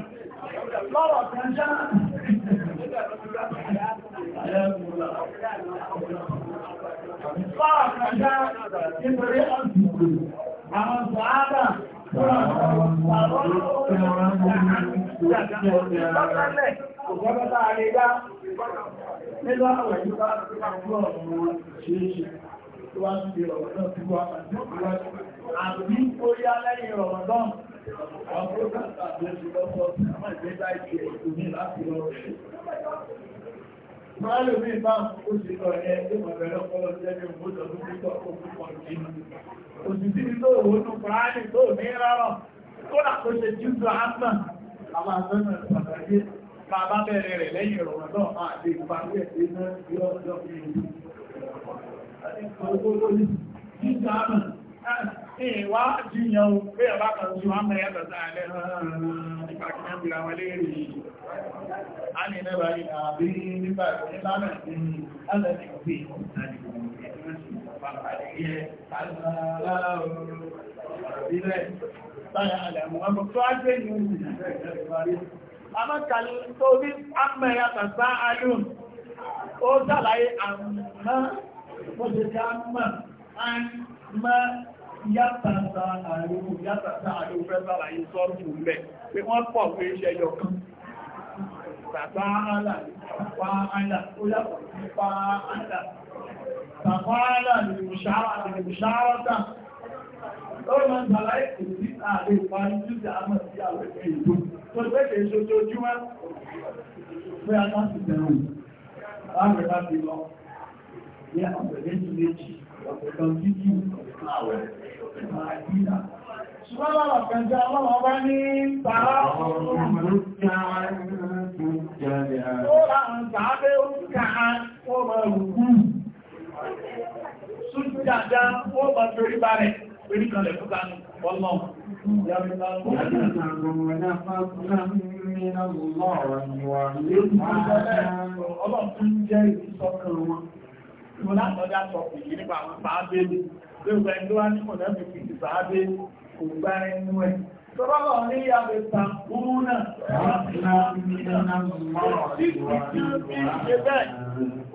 S1: lọ́rọ̀ kan já. Lọ́rọ̀ kan já, nítorí ọ̀sùn àwọn sọ̀ádà tó rọ̀ òṣèlọ́ta àrídá nílò àwọn ìjọba àwọn ọmọ ṣeéṣe tó wá ń fi ọ̀rọ̀dán tí wá àbí orí alẹ́yìn ọ̀rọ̀dán àwọn prókàtà àti oṣù lọ́pọ̀ àwọn ìgbẹ́ta ìṣẹ́ ìtòmí láti lọ rẹ̀ Máàlù mi bá ó sì lọ ẹ̀ tó mọ̀bẹ̀rẹ̀ ọpọlọ jẹ́ ní òmójọ̀ tó pípọ̀ òkúpọ̀ ìjìnà. Òsìsí tó wó ní Kùránì tó ní rárọ̀, tó rà kó ṣe jíjọ àmà, àwọn àfẹ́mẹ̀ pàtàkì bàbá bẹ̀rẹ̀ rẹ̀ lẹ́yìn ìrọ̀rọ̀ náà máa lè parí ẹ̀ pé náà yọ́ ọjọ́ bí i ìwá jíyàn o pé ọba kan tí wọ́n mẹ́rin ẹ̀tọ̀ sáà lẹ́rán nípa kí wọ́n bìí àwọn léèrè a ní ẹ̀bà ìlà àbí nípa ìròyìn lánà ní alẹ́lẹ́ ìgbé ìgbé ìgbé ìgbé ìgbé àmọ́kàlù tó rí àmẹ́ra tàbá alùn ó sàlàyé àmọ́ mọ́síká mọ́ àmọ́ yàtàtà àrùn yàtàtà àrùn fẹ́ sàlàyé sọ́rùn mẹ́ pé wọ́n pọ̀ pé iṣẹ́ yọkan tàbá àlà tàbá àlà ó yàtọ̀ lọ́rọ̀ máa ń sàlàyé kò sí ààrẹ ìparí júùsì àmọ̀ sí àwọn ẹgbẹ́ ìlú tó pé kìí ṣe tó júmọ́ pé a máa ti tẹ̀rù láàrẹ̀ bá ti lọ ní ọ̀pẹ̀ méjì méjì ọ̀pẹ̀ kan jíjì àwẹ̀ àìdíyà ṣùgbọ́n láwọn kẹjọ ọlọ́wọ́
S2: bá ní tààrà ọ̀rọ̀
S1: Súnjájá ó bá torí bá rẹ̀ orí kan lẹ̀ fúta ní ọlọ́ Ọlọ́run tún jẹ́ ìsọ́kàn wọn. Mo látọ́já sọ pìlì nípa àwọn pàábé ní, pé gbẹ̀ndó wá ní kò lẹ́bìí pìlì pàábé kò gbá ẹnu ẹ̀. Sọ́bọ́bọ̀ ní àbẹ̀ tàbúrúnà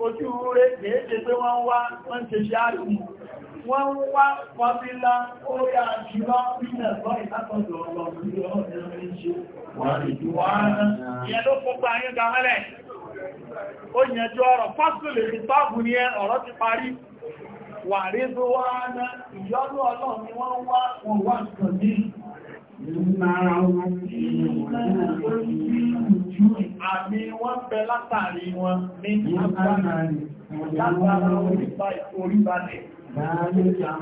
S1: ojú rẹ̀ kéèké pé wọ́n wá wọ́n ṣe ṣáàrù wọ́n wá pàbílá ó yà jùlọ nílẹ̀ lọ ìtàkọ̀dọ̀ ọlọ́run ọ̀rẹ́ ṣe
S3: wà ní ìwà náà. Ìyẹn
S1: ló fún pa ayé gamẹ́lẹ̀. Ó yẹnjú ọ̀rọ̀ fásitì lè tọ́bù ní ọ̀rọ̀ ti parí. Wà rí Àmì wọ́n bẹ látàrí wọn ní àgbàmà látàrí orípa ìforíbalẹ̀. Ìjọba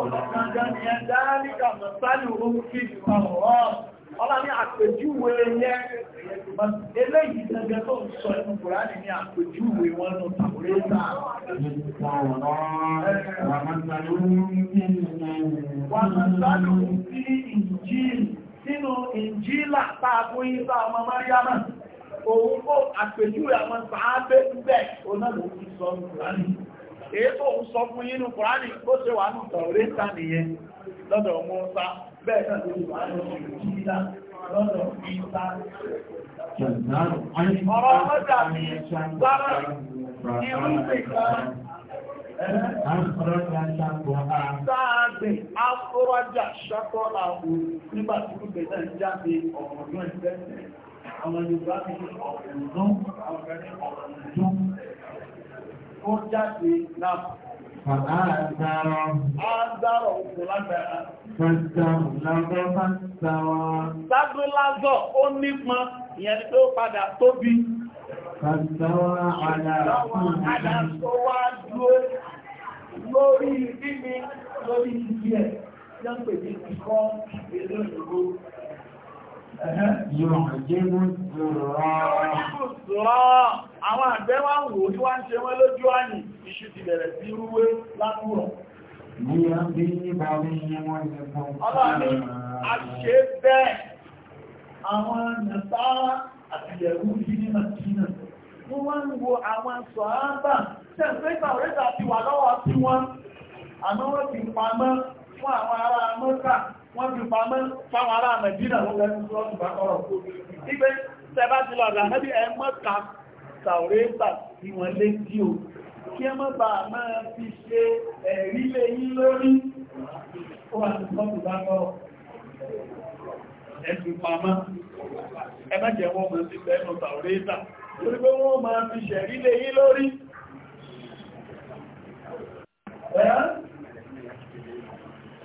S2: ọ̀lọ́kàndá ni
S1: ẹ dáálì kàmọ̀ sálì ohun kí ìfà ọ̀rọ̀ ọlá ní àpèjúwe yẹ eléyìí gẹ́gẹ́ tó ń sọ inú Kùránì ní àpèjúwe wọn nù tàbílẹ́ta nínú ìnjílà tààbú ìsá ọmọ Mariama òun kó àpèjúwe àwọn sàábé bẹ́ẹ̀ onáàlò ń sọ inú Kùránì èyí tó ń sọ fún yínú Kùránì ó ṣe wà nù tàbílẹ́ta nìyẹn lọ́dọ̀ mọ́ sáà bẹ́ẹ̀ náà ló wà lọ́dọ̀ ìjìlá lọ́dọ̀ ìta. Ọ̀rọ̀ mọ́ta mi sára irúgbìn kan. Sáàgbẹ̀ afọ́rọ́jà ṣakọ́ àwọn nígbà tí ó gbẹ̀ náà jáde ọ̀pọ̀lọ́ ẹgbẹ́ àwọn Yorùbá ní ọ̀pọ̀lọ́ ọ̀pọ̀lọ́ ó jáde láàpù. Fàdárọ̀. Ádárọ̀ òkú lágbára. Fàdárọ̀
S2: lásán.
S1: Sábú lásán ó nípọn, ìyẹn tó padà tóbi.
S2: Fàdárọ̀ àdárọ̀. Àdárọ̀ tó
S1: wá dúró lórí bíbí lórí ìgbì ẹ̀. Yọ́n pè ní ìkọ́ ìlú ìlú.
S2: Yọ̀rọ̀jẹ́mú rọ̀.
S1: Àwọn àgbẹ̀ wá ń wò ní wá ń ṣe wọ́n lójú àní, iṣu ti bẹ̀rẹ̀ sí rúwé lápúrọ̀. Ní a ń bí ní bá rí ní wọ́n ní fún. Ọlọ́ni, a ṣe bẹ́ẹ̀ àwọn nàtàrà àtìyẹ̀rú sí ní Màtínà. Wọ́n wá ń wo àwọn sọ̀ábà, tẹ́ fún àwọn ará mọ́ta wọ́n fi pamọ́ fáwọn ará mẹ̀dínà wọ́n lẹ́nu tó ọdún bá kọ́rọ̀ wípé tẹbá ti lọ ọ̀dà nẹ́bí ẹ mọ́ta sàórẹ́bà tí wọ́n lé tí o kí ẹ mọ́bà máa fi ṣe ẹ̀rí lé yí lórí ó wà ní ọdún bá ṣẹ̀rí lé yí lórí Yeah.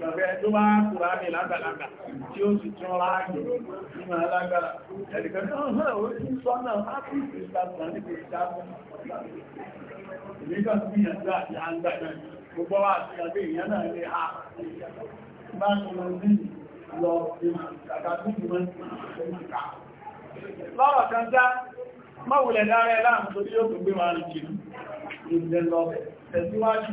S1: lọ́fẹ́ tó bá kùrá ní lágbàlagbà tí ó sì tún láàáyé nínú alágbàlá lọ́rọ̀ kan já dára tó gbé rìn tẹ̀síwájú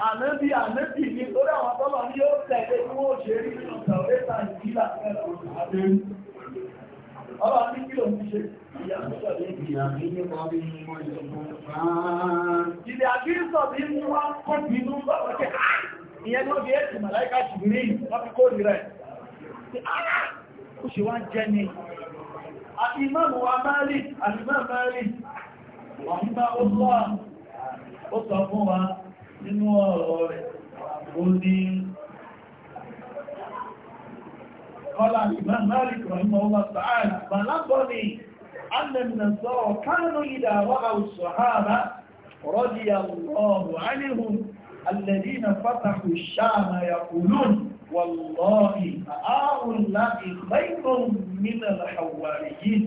S1: ànábì ànábì ní lórí àwọn tọ́lọ̀ ní yóò tẹ̀lé tí wọ́n ṣe rí nínú tàwẹ́ta ìdílà ọ̀rọ̀ ní kí ló ń ṣe ìdí àkírísọ̀ bí ní wá kọ́ bínú bá wọ́kẹ́ ah! ìyẹn ló bí ẹ̀sì màláìkà ṣùgbìrí wọ́n fi kó rẹ̀ ah! ó ṣe wá jẹ́ ni àìmọ́mù wa máàlì àìmọ́ máàlì wà ń bá ó sọ fún wa nínú ọ̀rọ̀ rẹ̀ ó ní kọ́lá ìmáà Malik rọ̀mọ́ ọmọ sàárì bàlábọ́ ni annàmìnà sọ́rọ̀ kánú ìdàwọ́ àwùsọ̀háàbá rọ́dí àwùrọ̀ọ̀rọ̀ ánìhùn الذين فتحوا الشام يقولون والله هؤلاء خير من الحواريين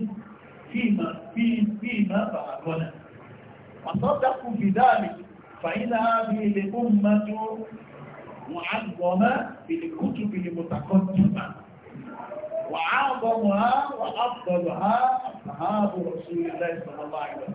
S1: فيما فيما بعدنا وصدقوا في ذلك fàílà bí ilé ó máa tó wọ́n á gbọ́ mọ́ ilé kútù bí ilé mọ́tàkọ́ jùmọ́ wọ́n á gbọ́ mọ́ wọ́n á gbọ́ ha àbò Rasulullah sallallahu alaihi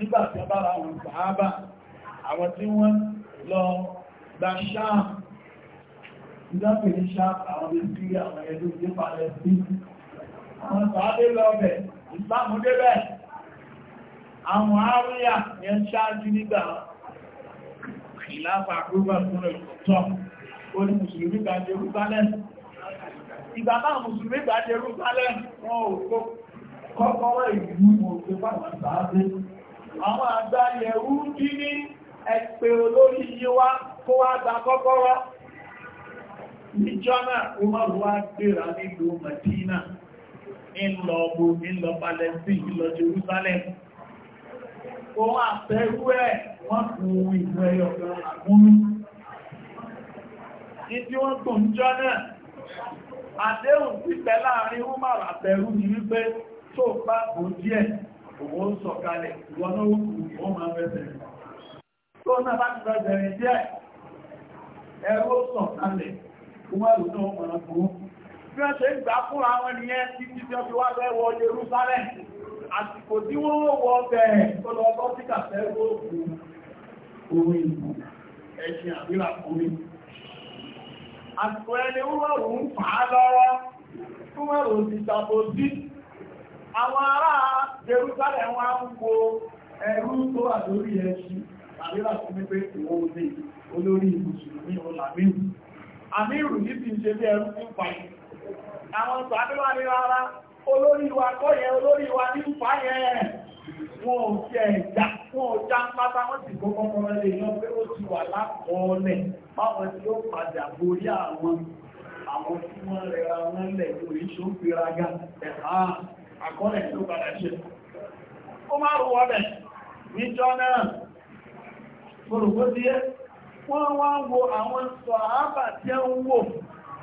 S1: nígbàtí ọbára àwọn sàábà àwọn tí wọ́n lọ gba ṣáàmù ìdápẹ̀ ní ṣáp àwọn ìsírí àwọn ẹ̀dùn ní palẹ́sí àwọn sàádé lọ́bẹ̀ ìsàmúdébẹ̀ àwọn àríyà ní ṣáájú nígbà ìlàfà àkúrúbà fún ẹ̀kọ́ ó ní mùsùlùmí gba Jerusalem ìgbà náà mùsùlùmí gba Jerusalem wọn ò olórí yíwá kó wá gba kọ́kọ́rọ́ níjọ́ náà Umar wá gbéra nílùú Madina ńlọ ọgbò ńlọ Palestine ńlọ Jerusalem òun àtẹ́rú ẹ̀ wọ́n fún ohun ìlú ẹyọ kan àgúnmí ní tí wọ́n tó ń jọ náà àdéhùn pípẹ́ láàrin Umar àtẹ́rú ní wípé tó bá kò díẹ̀ òun ó sọ̀kalẹ̀ ìwọ́n ẹ̀rọ sọ̀kalẹ̀ Umaru náà mọ̀ràn fún. Bí wọ́n ṣe ń gbà fún Jerusalem, àsìkò tí wọ́n wọ bẹ̀rẹ̀ tó lọ bọ́ sí kàfẹ́ òkú orí ìlú ẹ̀ṣin àbílà orí. Àsìkò ẹni Umaru ń fà á lọ́wọ́, Umaru ti tàbó sí. Àwọn ará Jerusalem wá ń wo ẹrú tó wà lórí ẹṣin àbílà fún pé ìwọ́n olórí ìmùsùlùmí ọlàmíhùn àmírù ní ti ṣe bí ẹrú ní fàyè àwọn sàdúrà ní rárá olórí wa kọ́yẹ olórí wa ní fàyè wọn ò jẹ ẹ̀já wọn ò já pátá wọn sì kó kọ́kọ́rọ́ lè lọ pé ó ti wà lápọ̀ọ́lẹ̀ báwọn tí ó padà borí àwọn àwọn tí wọ́n rẹra wọn lẹ̀ lórí ṣókìrágá ẹ̀há àkọọ́lẹ̀ tó padà ṣe ó má rú ọbẹ̀ níjọ́ náà mo rò bó ti yẹ wọ́n wá ń wo àwọn sọ àábà tí ó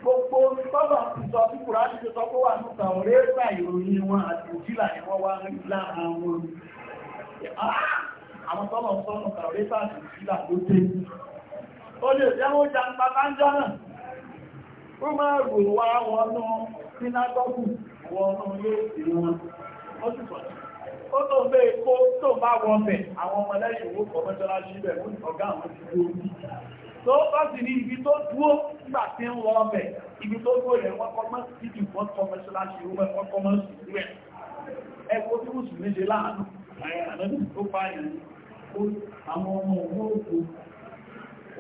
S1: gbogbo tọ́lọ̀ ti sọ ti sọ pé wà ní ìròyìn wọn àti òjìlà ni wọ́n wá rí wọn ah! àwọn tọ́lọ̀ sọ́nà ìtàwọn rẹ́ẹ̀sà àti òjìlà dé ó tó ń bẹ́ kó tó bá wọ́n bẹ̀ àwọn ọmọ lẹ́yìn owó kọ̀ mẹ́tọ́lá sí bẹ̀ fún ọ̀gá àwọn ti dúró tó bá sì ní ibi tó dúró nígbà tí ń wọ́n bẹ̀ ibi tó dúró rẹ̀ wọ́n kọ́ mọ́ sí ju wọ́n kọ́ mẹ́tọ́lá sí owó wọ́n kọ́ mọ́ sí rẹ̀ ẹ kó tí mùsùlùmí ṣe láàánú àyàrá tó pààyàn àwọn ọmọ òun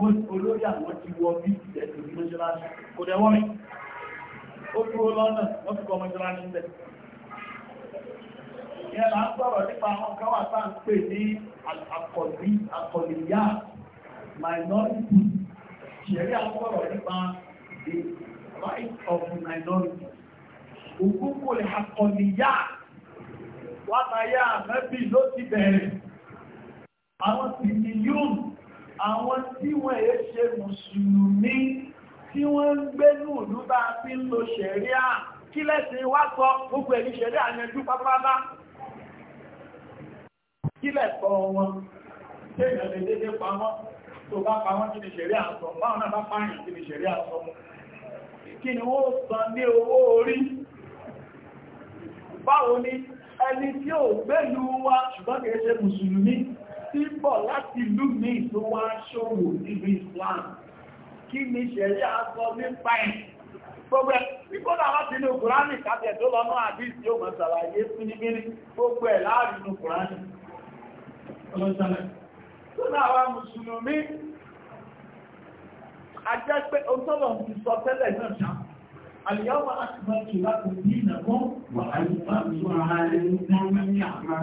S1: òkú olóyà wọ́n ti wọ bí ìtẹ̀sùn mẹ́tọ́lá sí kò dẹ̀ wọ́n mi ó dúró lọ́nà wọ́n fi kọ́ mẹ́tọ́lá sí bẹ̀ ìyẹn là ń sọ̀rọ̀ nípa àwọn kan wà tá à ń pè ní àkọ̀lì àkọ̀lìyà minority ṣẹ̀rí à ń sọ̀rọ̀ nípa the right of the minority òkúkú lè àkọ̀lìyà wátayá mẹ́bí ló ti bẹ̀rẹ̀ àwọn sì ni yóò àwọn tí wọ́n èé ṣe mùsùlùmí tí wọ́n ń gbénú ìlú bá fi ń lo ṣẹ̀ríà kí lẹ́sìn wá sọ gbogbo ẹ̀mí ṣẹ̀ríà yanjú pápá bá kílẹ̀ tọ́ wọn tí èèyàn lè dédé pamọ́ tó bá pamọ́ kí ni ṣẹ̀rí àṣọ báwọn náà bá pààyàn kí ni ṣẹ̀rí àṣọ mú kí ni ó san ní owó orí báwo ni ẹni tí ó gbẹ́lú wa ṣùgbọ́n kìí ṣe mùsùlùmí tí ń bọ̀ láti ìlú mi tó wá ṣòwò níbi Islam kí ni ṣẹ̀rí àṣọ nípa ẹ̀ gbogbo ẹ̀ tí kó dà láti inú Kùránì kàbẹ̀ tó lọ́nà àdíṣ yóò mọ̀ sàlàyé fún níbi gbogbo ẹ̀ láàrin inú Kùránì ọlọ́sálẹ̀ tó láwá mùsùlùmí ajẹ́ pé ọ̀tọ́lọ̀ ti sọ tẹ́lẹ̀ náà ṣá àlìyàwó akìmọ̀tì láti ní ìnàkọ́ wà àyíká tó ara rẹ̀ ní wọ́n ní àmà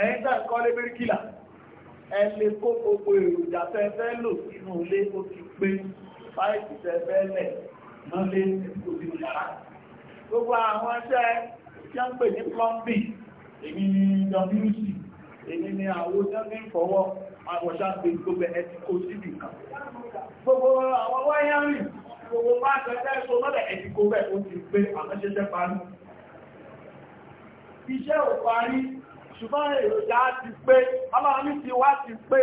S1: Ẹ̀yìn tẹ́ ìkọ́ lébírí kìlà ẹ lè kó gbogbo èròjà fẹ́fẹ́ lò sínú ilé ó ti pé fáìlì fẹ́fẹ́ lẹ̀ mọ́lé òbí yàrá gbogbo àwọn iṣẹ́ tí a ń pè ní plumbing èmi ni wc èmi ni àwọn onígbì fọwọ́ àwọ̀ṣà pé gbogbo ẹ ti kó síbì kan gbogbo àwọn wáyárìn gbogbo máa tẹ́lẹ̀ so mọ́lẹ̀ ẹ ti kó bẹ́ẹ̀ ó ti pé àmọ́ṣẹ́ṣẹ́ parí iṣẹ́ ò parí ṣùgbọ́n èròjà ti pé ọlọ́run ti wá ti pé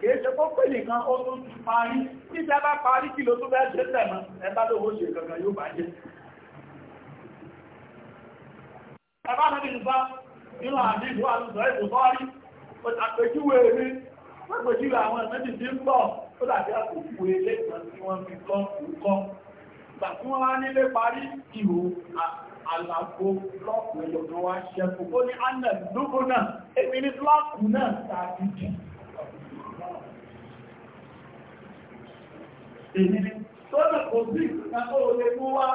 S1: kìí ṣe kó pè nìkan ó tún ti parí títẹ́ bá parí kí ló tún bẹ́ẹ̀ ṣe tẹ̀mọ́ ẹbá lówó ṣe kankan yóò bá jẹ́ ẹbá náà nínú bá nínú àdíjú àlùsọ ìbùsọ́rí àpèjúwe rí pẹ̀pẹ̀júwe àwọn ẹ̀mẹ́jì tí ń bọ̀ ó dàbí àkókò ilé kan tí wọ́n fi kọ́ kọ́ gbà tí wọ́n wá nílé parí ìhò àti àlàfo blọ́ọ̀kù ẹ̀yọ̀ kan wá ṣẹ́kù ó ní anna lóko náà èmi ní blọ́ọ̀kù náà tàbí jù èmi ní tọ́nà kò sí ìgbàgbọ́ olè mú wá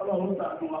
S1: ọlọ́run tàbí wá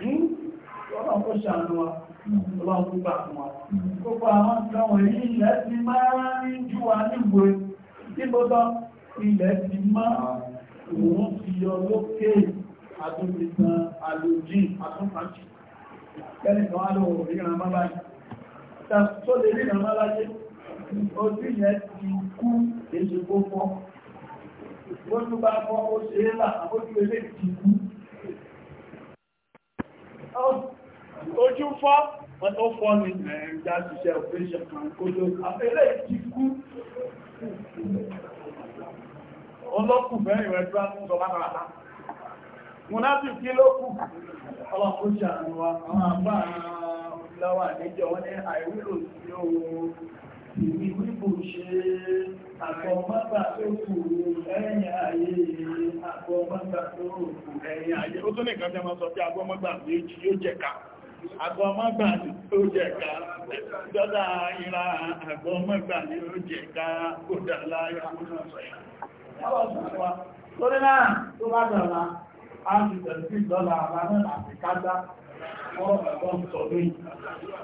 S1: Hmm? Ọlọ́run hmm. hmm. ti yọ lókè àtúntìtàn àlòjì àtúntàjì. Kẹ́nìkan wá lóòrùn ríran má báyìí. Tó lè ríran má láyé, ojú yẹn ti kú èṣe gbogbo. Ó tún bá fọ́ ó ṣe é là, àbójú eré ti kú ojú fọ́ wọ́n tó fọ́ ní ẹ̀ẹ́gbá ṣiṣẹ́ operation kan kó ló àpẹẹrẹ ti kú ọlọ́kù mẹ́rin rẹ̀ tó ń sọ lápàá múnábì kí ló kù ọlọ́kù ṣàánú wa àwọn àbá àwọn ìlàwà níjọ ìbí wípò ṣe àkọmọ́gbà tó kù ẹ̀yìn ayé àkọmọ́gbà tó kù ẹ̀yìn ayé ó tó nìkan jẹ́ mọ́ sọ pé àkọmọ́gbà méjì yóò tó jẹ́ka dọ́dá ìra àkọmọ́gbà yóò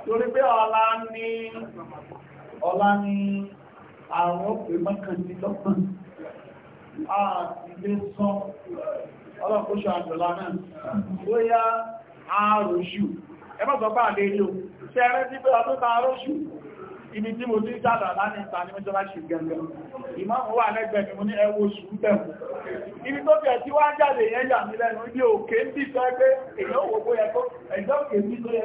S1: Torí pé ní ọlá ní àwọn òpè mọ́kàndínlọ́gbọ̀n àtìlé sán ọlọ́pọ̀ṣọ́ àjọ̀lá náà bóyá àròṣù ẹgbọ́sọ̀pá àlejò tí ẹrẹ́ tí pé ọdún ta àròṣù ibi tí mo ti ń sádà láti ìta ní mẹ́jọba ṣe gẹ̀gẹ̀ ìmáàmù wà lẹ́gbẹ̀ẹ́ ni mo ní ẹwọ oṣù pẹ̀lú ibi tó bẹ̀ẹ̀ tí wọ́n jáde yẹn yà mí lẹ́nu ibi òkè ń bí sọ ẹgbẹ́ èyàn òwò bóyẹ tó ẹ̀jọ́ òkè ń bí tó yẹ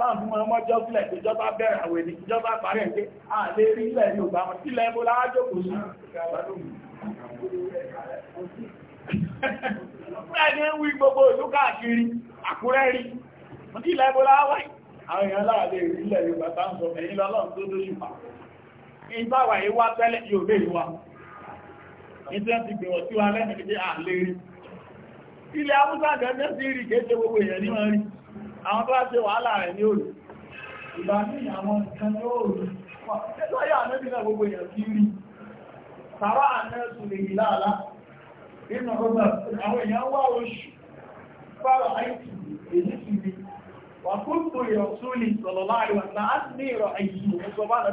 S1: táàbù mọ́ mọ́jọ́ sílẹ̀ tó jọba bẹ̀rẹ̀ àwẹ̀ ní ìjọba parẹ́ pé a lè rí ilẹ̀ Yorùbá mọ́ sílẹ̀ ẹbó láájòkó sí ẹni ń wí gbogbo ìlú káàkiri Àkúrẹ́ rí sílẹ̀ ẹbó láwáì àwọn èèyàn láàrẹ̀ rí ilẹ̀ Yorùbá tá sọ ẹ̀yìn lọ́lọ́run tó lóṣùpá yìí wá àwọn tó láti wàhálà rẹ̀ ní òòrùn ìgbà ní àwọn kan ní òòrùn tẹ́lọ́yà ànẹ́bì náà gbogbo èèyàn kí rí tàbá ànẹ́sù lè yìí láàlá nínú ọgbà àwọn èèyàn wá oṣù fara àìsù èyí sì rí wà kúrò ìrọ̀súlì sọ̀lọ̀lá àríwàtà á ní ìrọ̀ àìsù ọgbà bá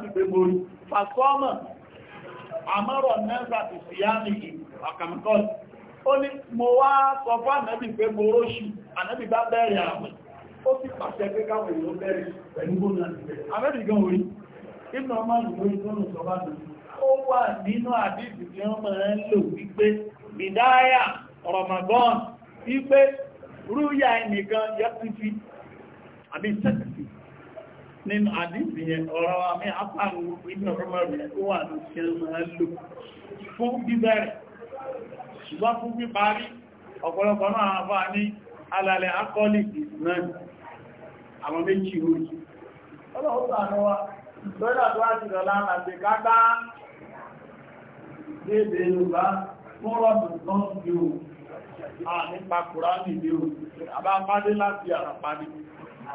S1: nàbí pé borí ó sì pàṣẹ pé káwọn èèyàn bẹ̀rẹ̀ pẹ̀lú gómìnà ìbẹ̀rẹ̀ amẹ́rìkan orí ìbìnà ọmọ ìlú ìtọ́nù sọba tó ó wà nínú àdíjì tí wọ́n máa ń lò wípé bìdáyà Ramadan wípé rúyà ẹnìkan yẹ́sìfì àbí sẹ́kìfì nínú àdíjì yẹn ọ̀rọ̀ àmì apáàrù ìbìnà ọmọ rẹ̀ ó wà ní ṣe máa lò fún bíbẹ̀rẹ̀ ṣùgbọ́n fún píparí ọ̀pọ̀lọpọ̀ náà àfáà ní alalẹ̀ akọ́lì ìsìnáà àwọn méjì rújì ọlọ́run sàánú wa lọ́yà tó wá ti lọ́la àti kágbá dédé yorùbá fún rọ́dù tán sí a nípa kùránì ní o àbá pàdé láti àràpàdé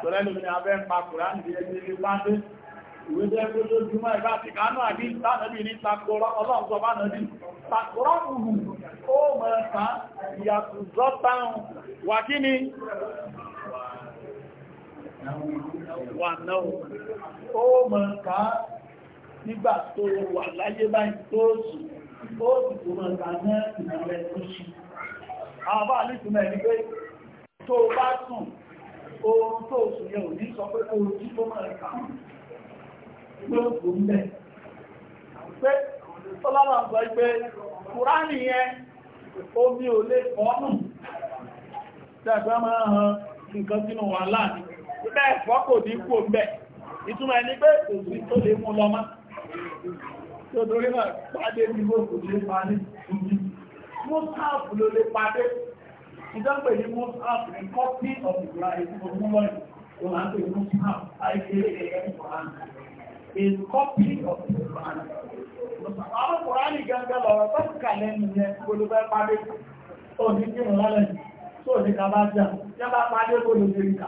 S1: tọ́lẹ́lú ni abẹ́ pa kùránì ní ẹgbẹ́ ilé pàdé ìwé jẹ́ pé lójúmọ́ ìbá ti kánú àbí tánàbí ní takorọ́ ọlọ́run sọ bá nàbí takorọ́ kùrù ó mọ̀ ẹ̀sán ìyàtùzọ́tàn wà wà náà ó mọ̀ ká nígbà tó wà láyé báyìí tó sì ó sì tó mọ̀ ká ní ìrìnlẹ̀ tó sì àwọn bá ní ìtumẹ̀ ní pé tó bá sùn oorun tó sùn yẹ ò ní sọ pé oorun tí tó mọ̀ ká ló kù ń pé ọlọ́lọ́ sọ pé kùránì yẹn omi ò lè kọ́ nù tẹ̀gbẹ́ máa hàn nǹkan sínú wà láàrin bẹ́ẹ̀ fọ́ kò ní kò mẹ́ ìtumọ̀ ẹni pé kò sí tó lè mú lọ mọ́ tó torí náà pàdé ní gbogbo lè pa ní ìdí mọ́sáàfù ló lè pàdé ìjọ́pẹ̀ ní mọ́sáàfù ní kọ́pí ọ̀pùpùra ìtumọ̀ mú lọ́yìn tó máa ń pè mọ́sáàfù àìkéré ẹ̀yẹ́ ìfọ̀hánà is copy of the Quran. Àwọn Kùránì gangan lọ̀rọ̀ tó kà lẹ́nu yẹn gbogbo ẹ pàdé. Ó ní kí wọ́n lọ́lẹ̀ tó ní kàbájá, yẹ́ bá pàdé gbogbo ìrìnkà.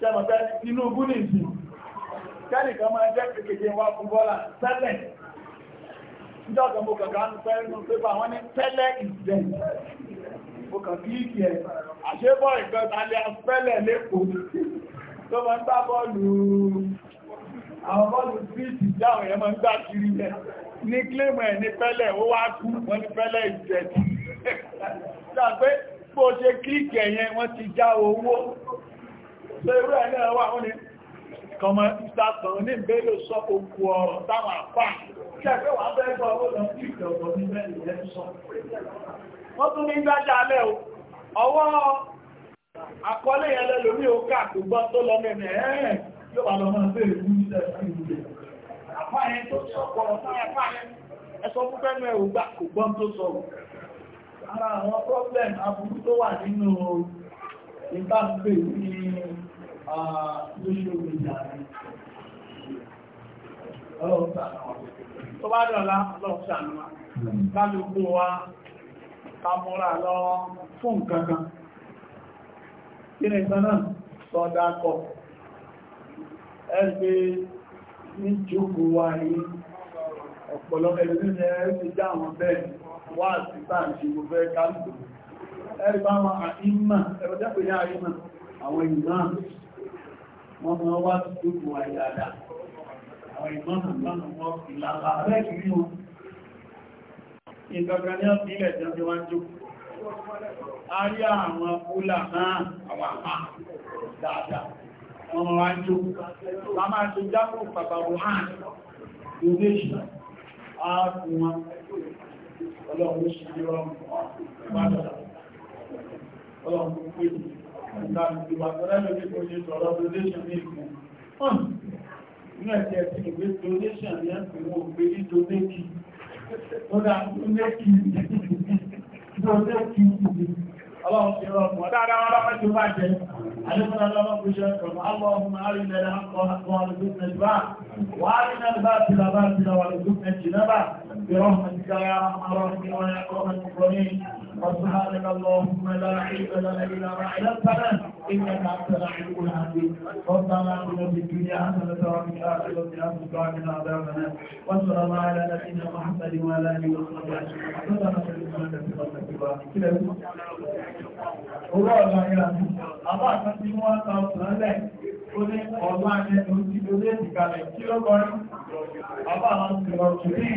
S1: ṣẹ́mọ̀fẹ́ inú gúnìsì kẹ́nìkan máa jẹ́ kékeré wá fún bọ́lá tẹ́lẹ̀ ìjọ́gbọ̀n mo kàkà ń fẹ́ inú pépà wọ́n ní tẹ́lẹ̀ ìdẹ̀ mo kàn kíìkì ẹ̀ àṣébọ̀ ìgbẹ̀tàlẹ̀ afẹ́lẹ̀ lẹ́kọ̀ọ́ tó máa ń gbá bọ́ọ̀lù àwọn bọ́ọ̀lù fíìtì dáwọn èèyàn máa ń gbá kiri ẹ̀ ní kílèmù ẹ̀ ní pẹ́lẹ̀ ó wá kú wọ́n ní pẹ́lẹ̀ ìjẹ̀dì so irú ẹ̀ náà wà wọ́n ni kọmọ ìsàtàn ní ìbélò sọ okù ọ̀rọ̀ táwọn àpá kẹfẹ́ wà bẹ́ẹ̀ gbọ́ owó lọ sí ìjọba ní bẹ́ẹ̀ lẹ́ sọ wọ́n tún ní gbájá alẹ́ o ọwọ́ àkọlé yẹn lẹ́lò ní òkà kò gbọ́ tó lọ mẹ́rin ẹ̀ẹ́rẹ̀ yóò wà lọ máa bẹ́ẹ̀ mú ìṣẹ́ àpá yẹn tó sọ̀pọ̀ ọ̀pá yẹn ẹ̀sọ́ fún fẹ́nu ẹ̀ ògbà kò gbọ́n tó sọ̀rọ̀ ara àwọn problem aburú tó wà nínú ìbámu pè aaa ìjà rẹ̀. Ọlọ́run Tó bá dọ̀lá, ọlọ́run ṣàánú wa. Hmm. wa, ká lọ fún kankan. Kí ni ìtàn Sọ́dá Ẹgbẹ́ ní jókòó wa yìí, ọ̀pọ̀lọpọ̀ ẹgbẹ́ ní ẹgbẹ́ já àwọn bẹ́ẹ̀ wá sí gbogbo Ẹgbẹ́ àwọn àìmà, ẹgbẹ́ wọ́n mọ́ wá gbogbo àyàdà àwọn ìgbọ́nà lọ́nà wọ́n ìlànà rẹ̀ kìí wọn ìgbàgbà ní ọ̀pí ilẹ̀ jẹ́ bí wọ́n jù a rí àwọn púlà náà àwọn àmà dáadáa wọ́n wá jù a máa tó jápò pàpà wuhan indonesia a kù wọn ọlọ́run ṣe rọrùn wọ́n اللهم صل وسلم على محمد علمنا لما بشركم اللهم أرنا الحق حقا وارزقنا اتباعه وأرنا الباطل باطلا وارزقنا اجتنابه برحمتك يا أرحم الراحمين ويا أكرم المكرمين وسبحانك اللهم لا علم لنا الا ما علمتنا انك انت العليم الحكيم ربنا اغفر في الدنيا حسنه وفي الاخره حسنه وقنا عذاب النار وصلى الله على نبينا محمد وعلى اله وصحبه اجمعين ربنا اغفر لنا ذنوبنا وكفر عنا سيئاتنا ó ní ọ̀gbọ́n àjẹ́nu ti lórí ìdìkalẹ̀ kí ló kọrí bàbá àwọn ti lọ kìí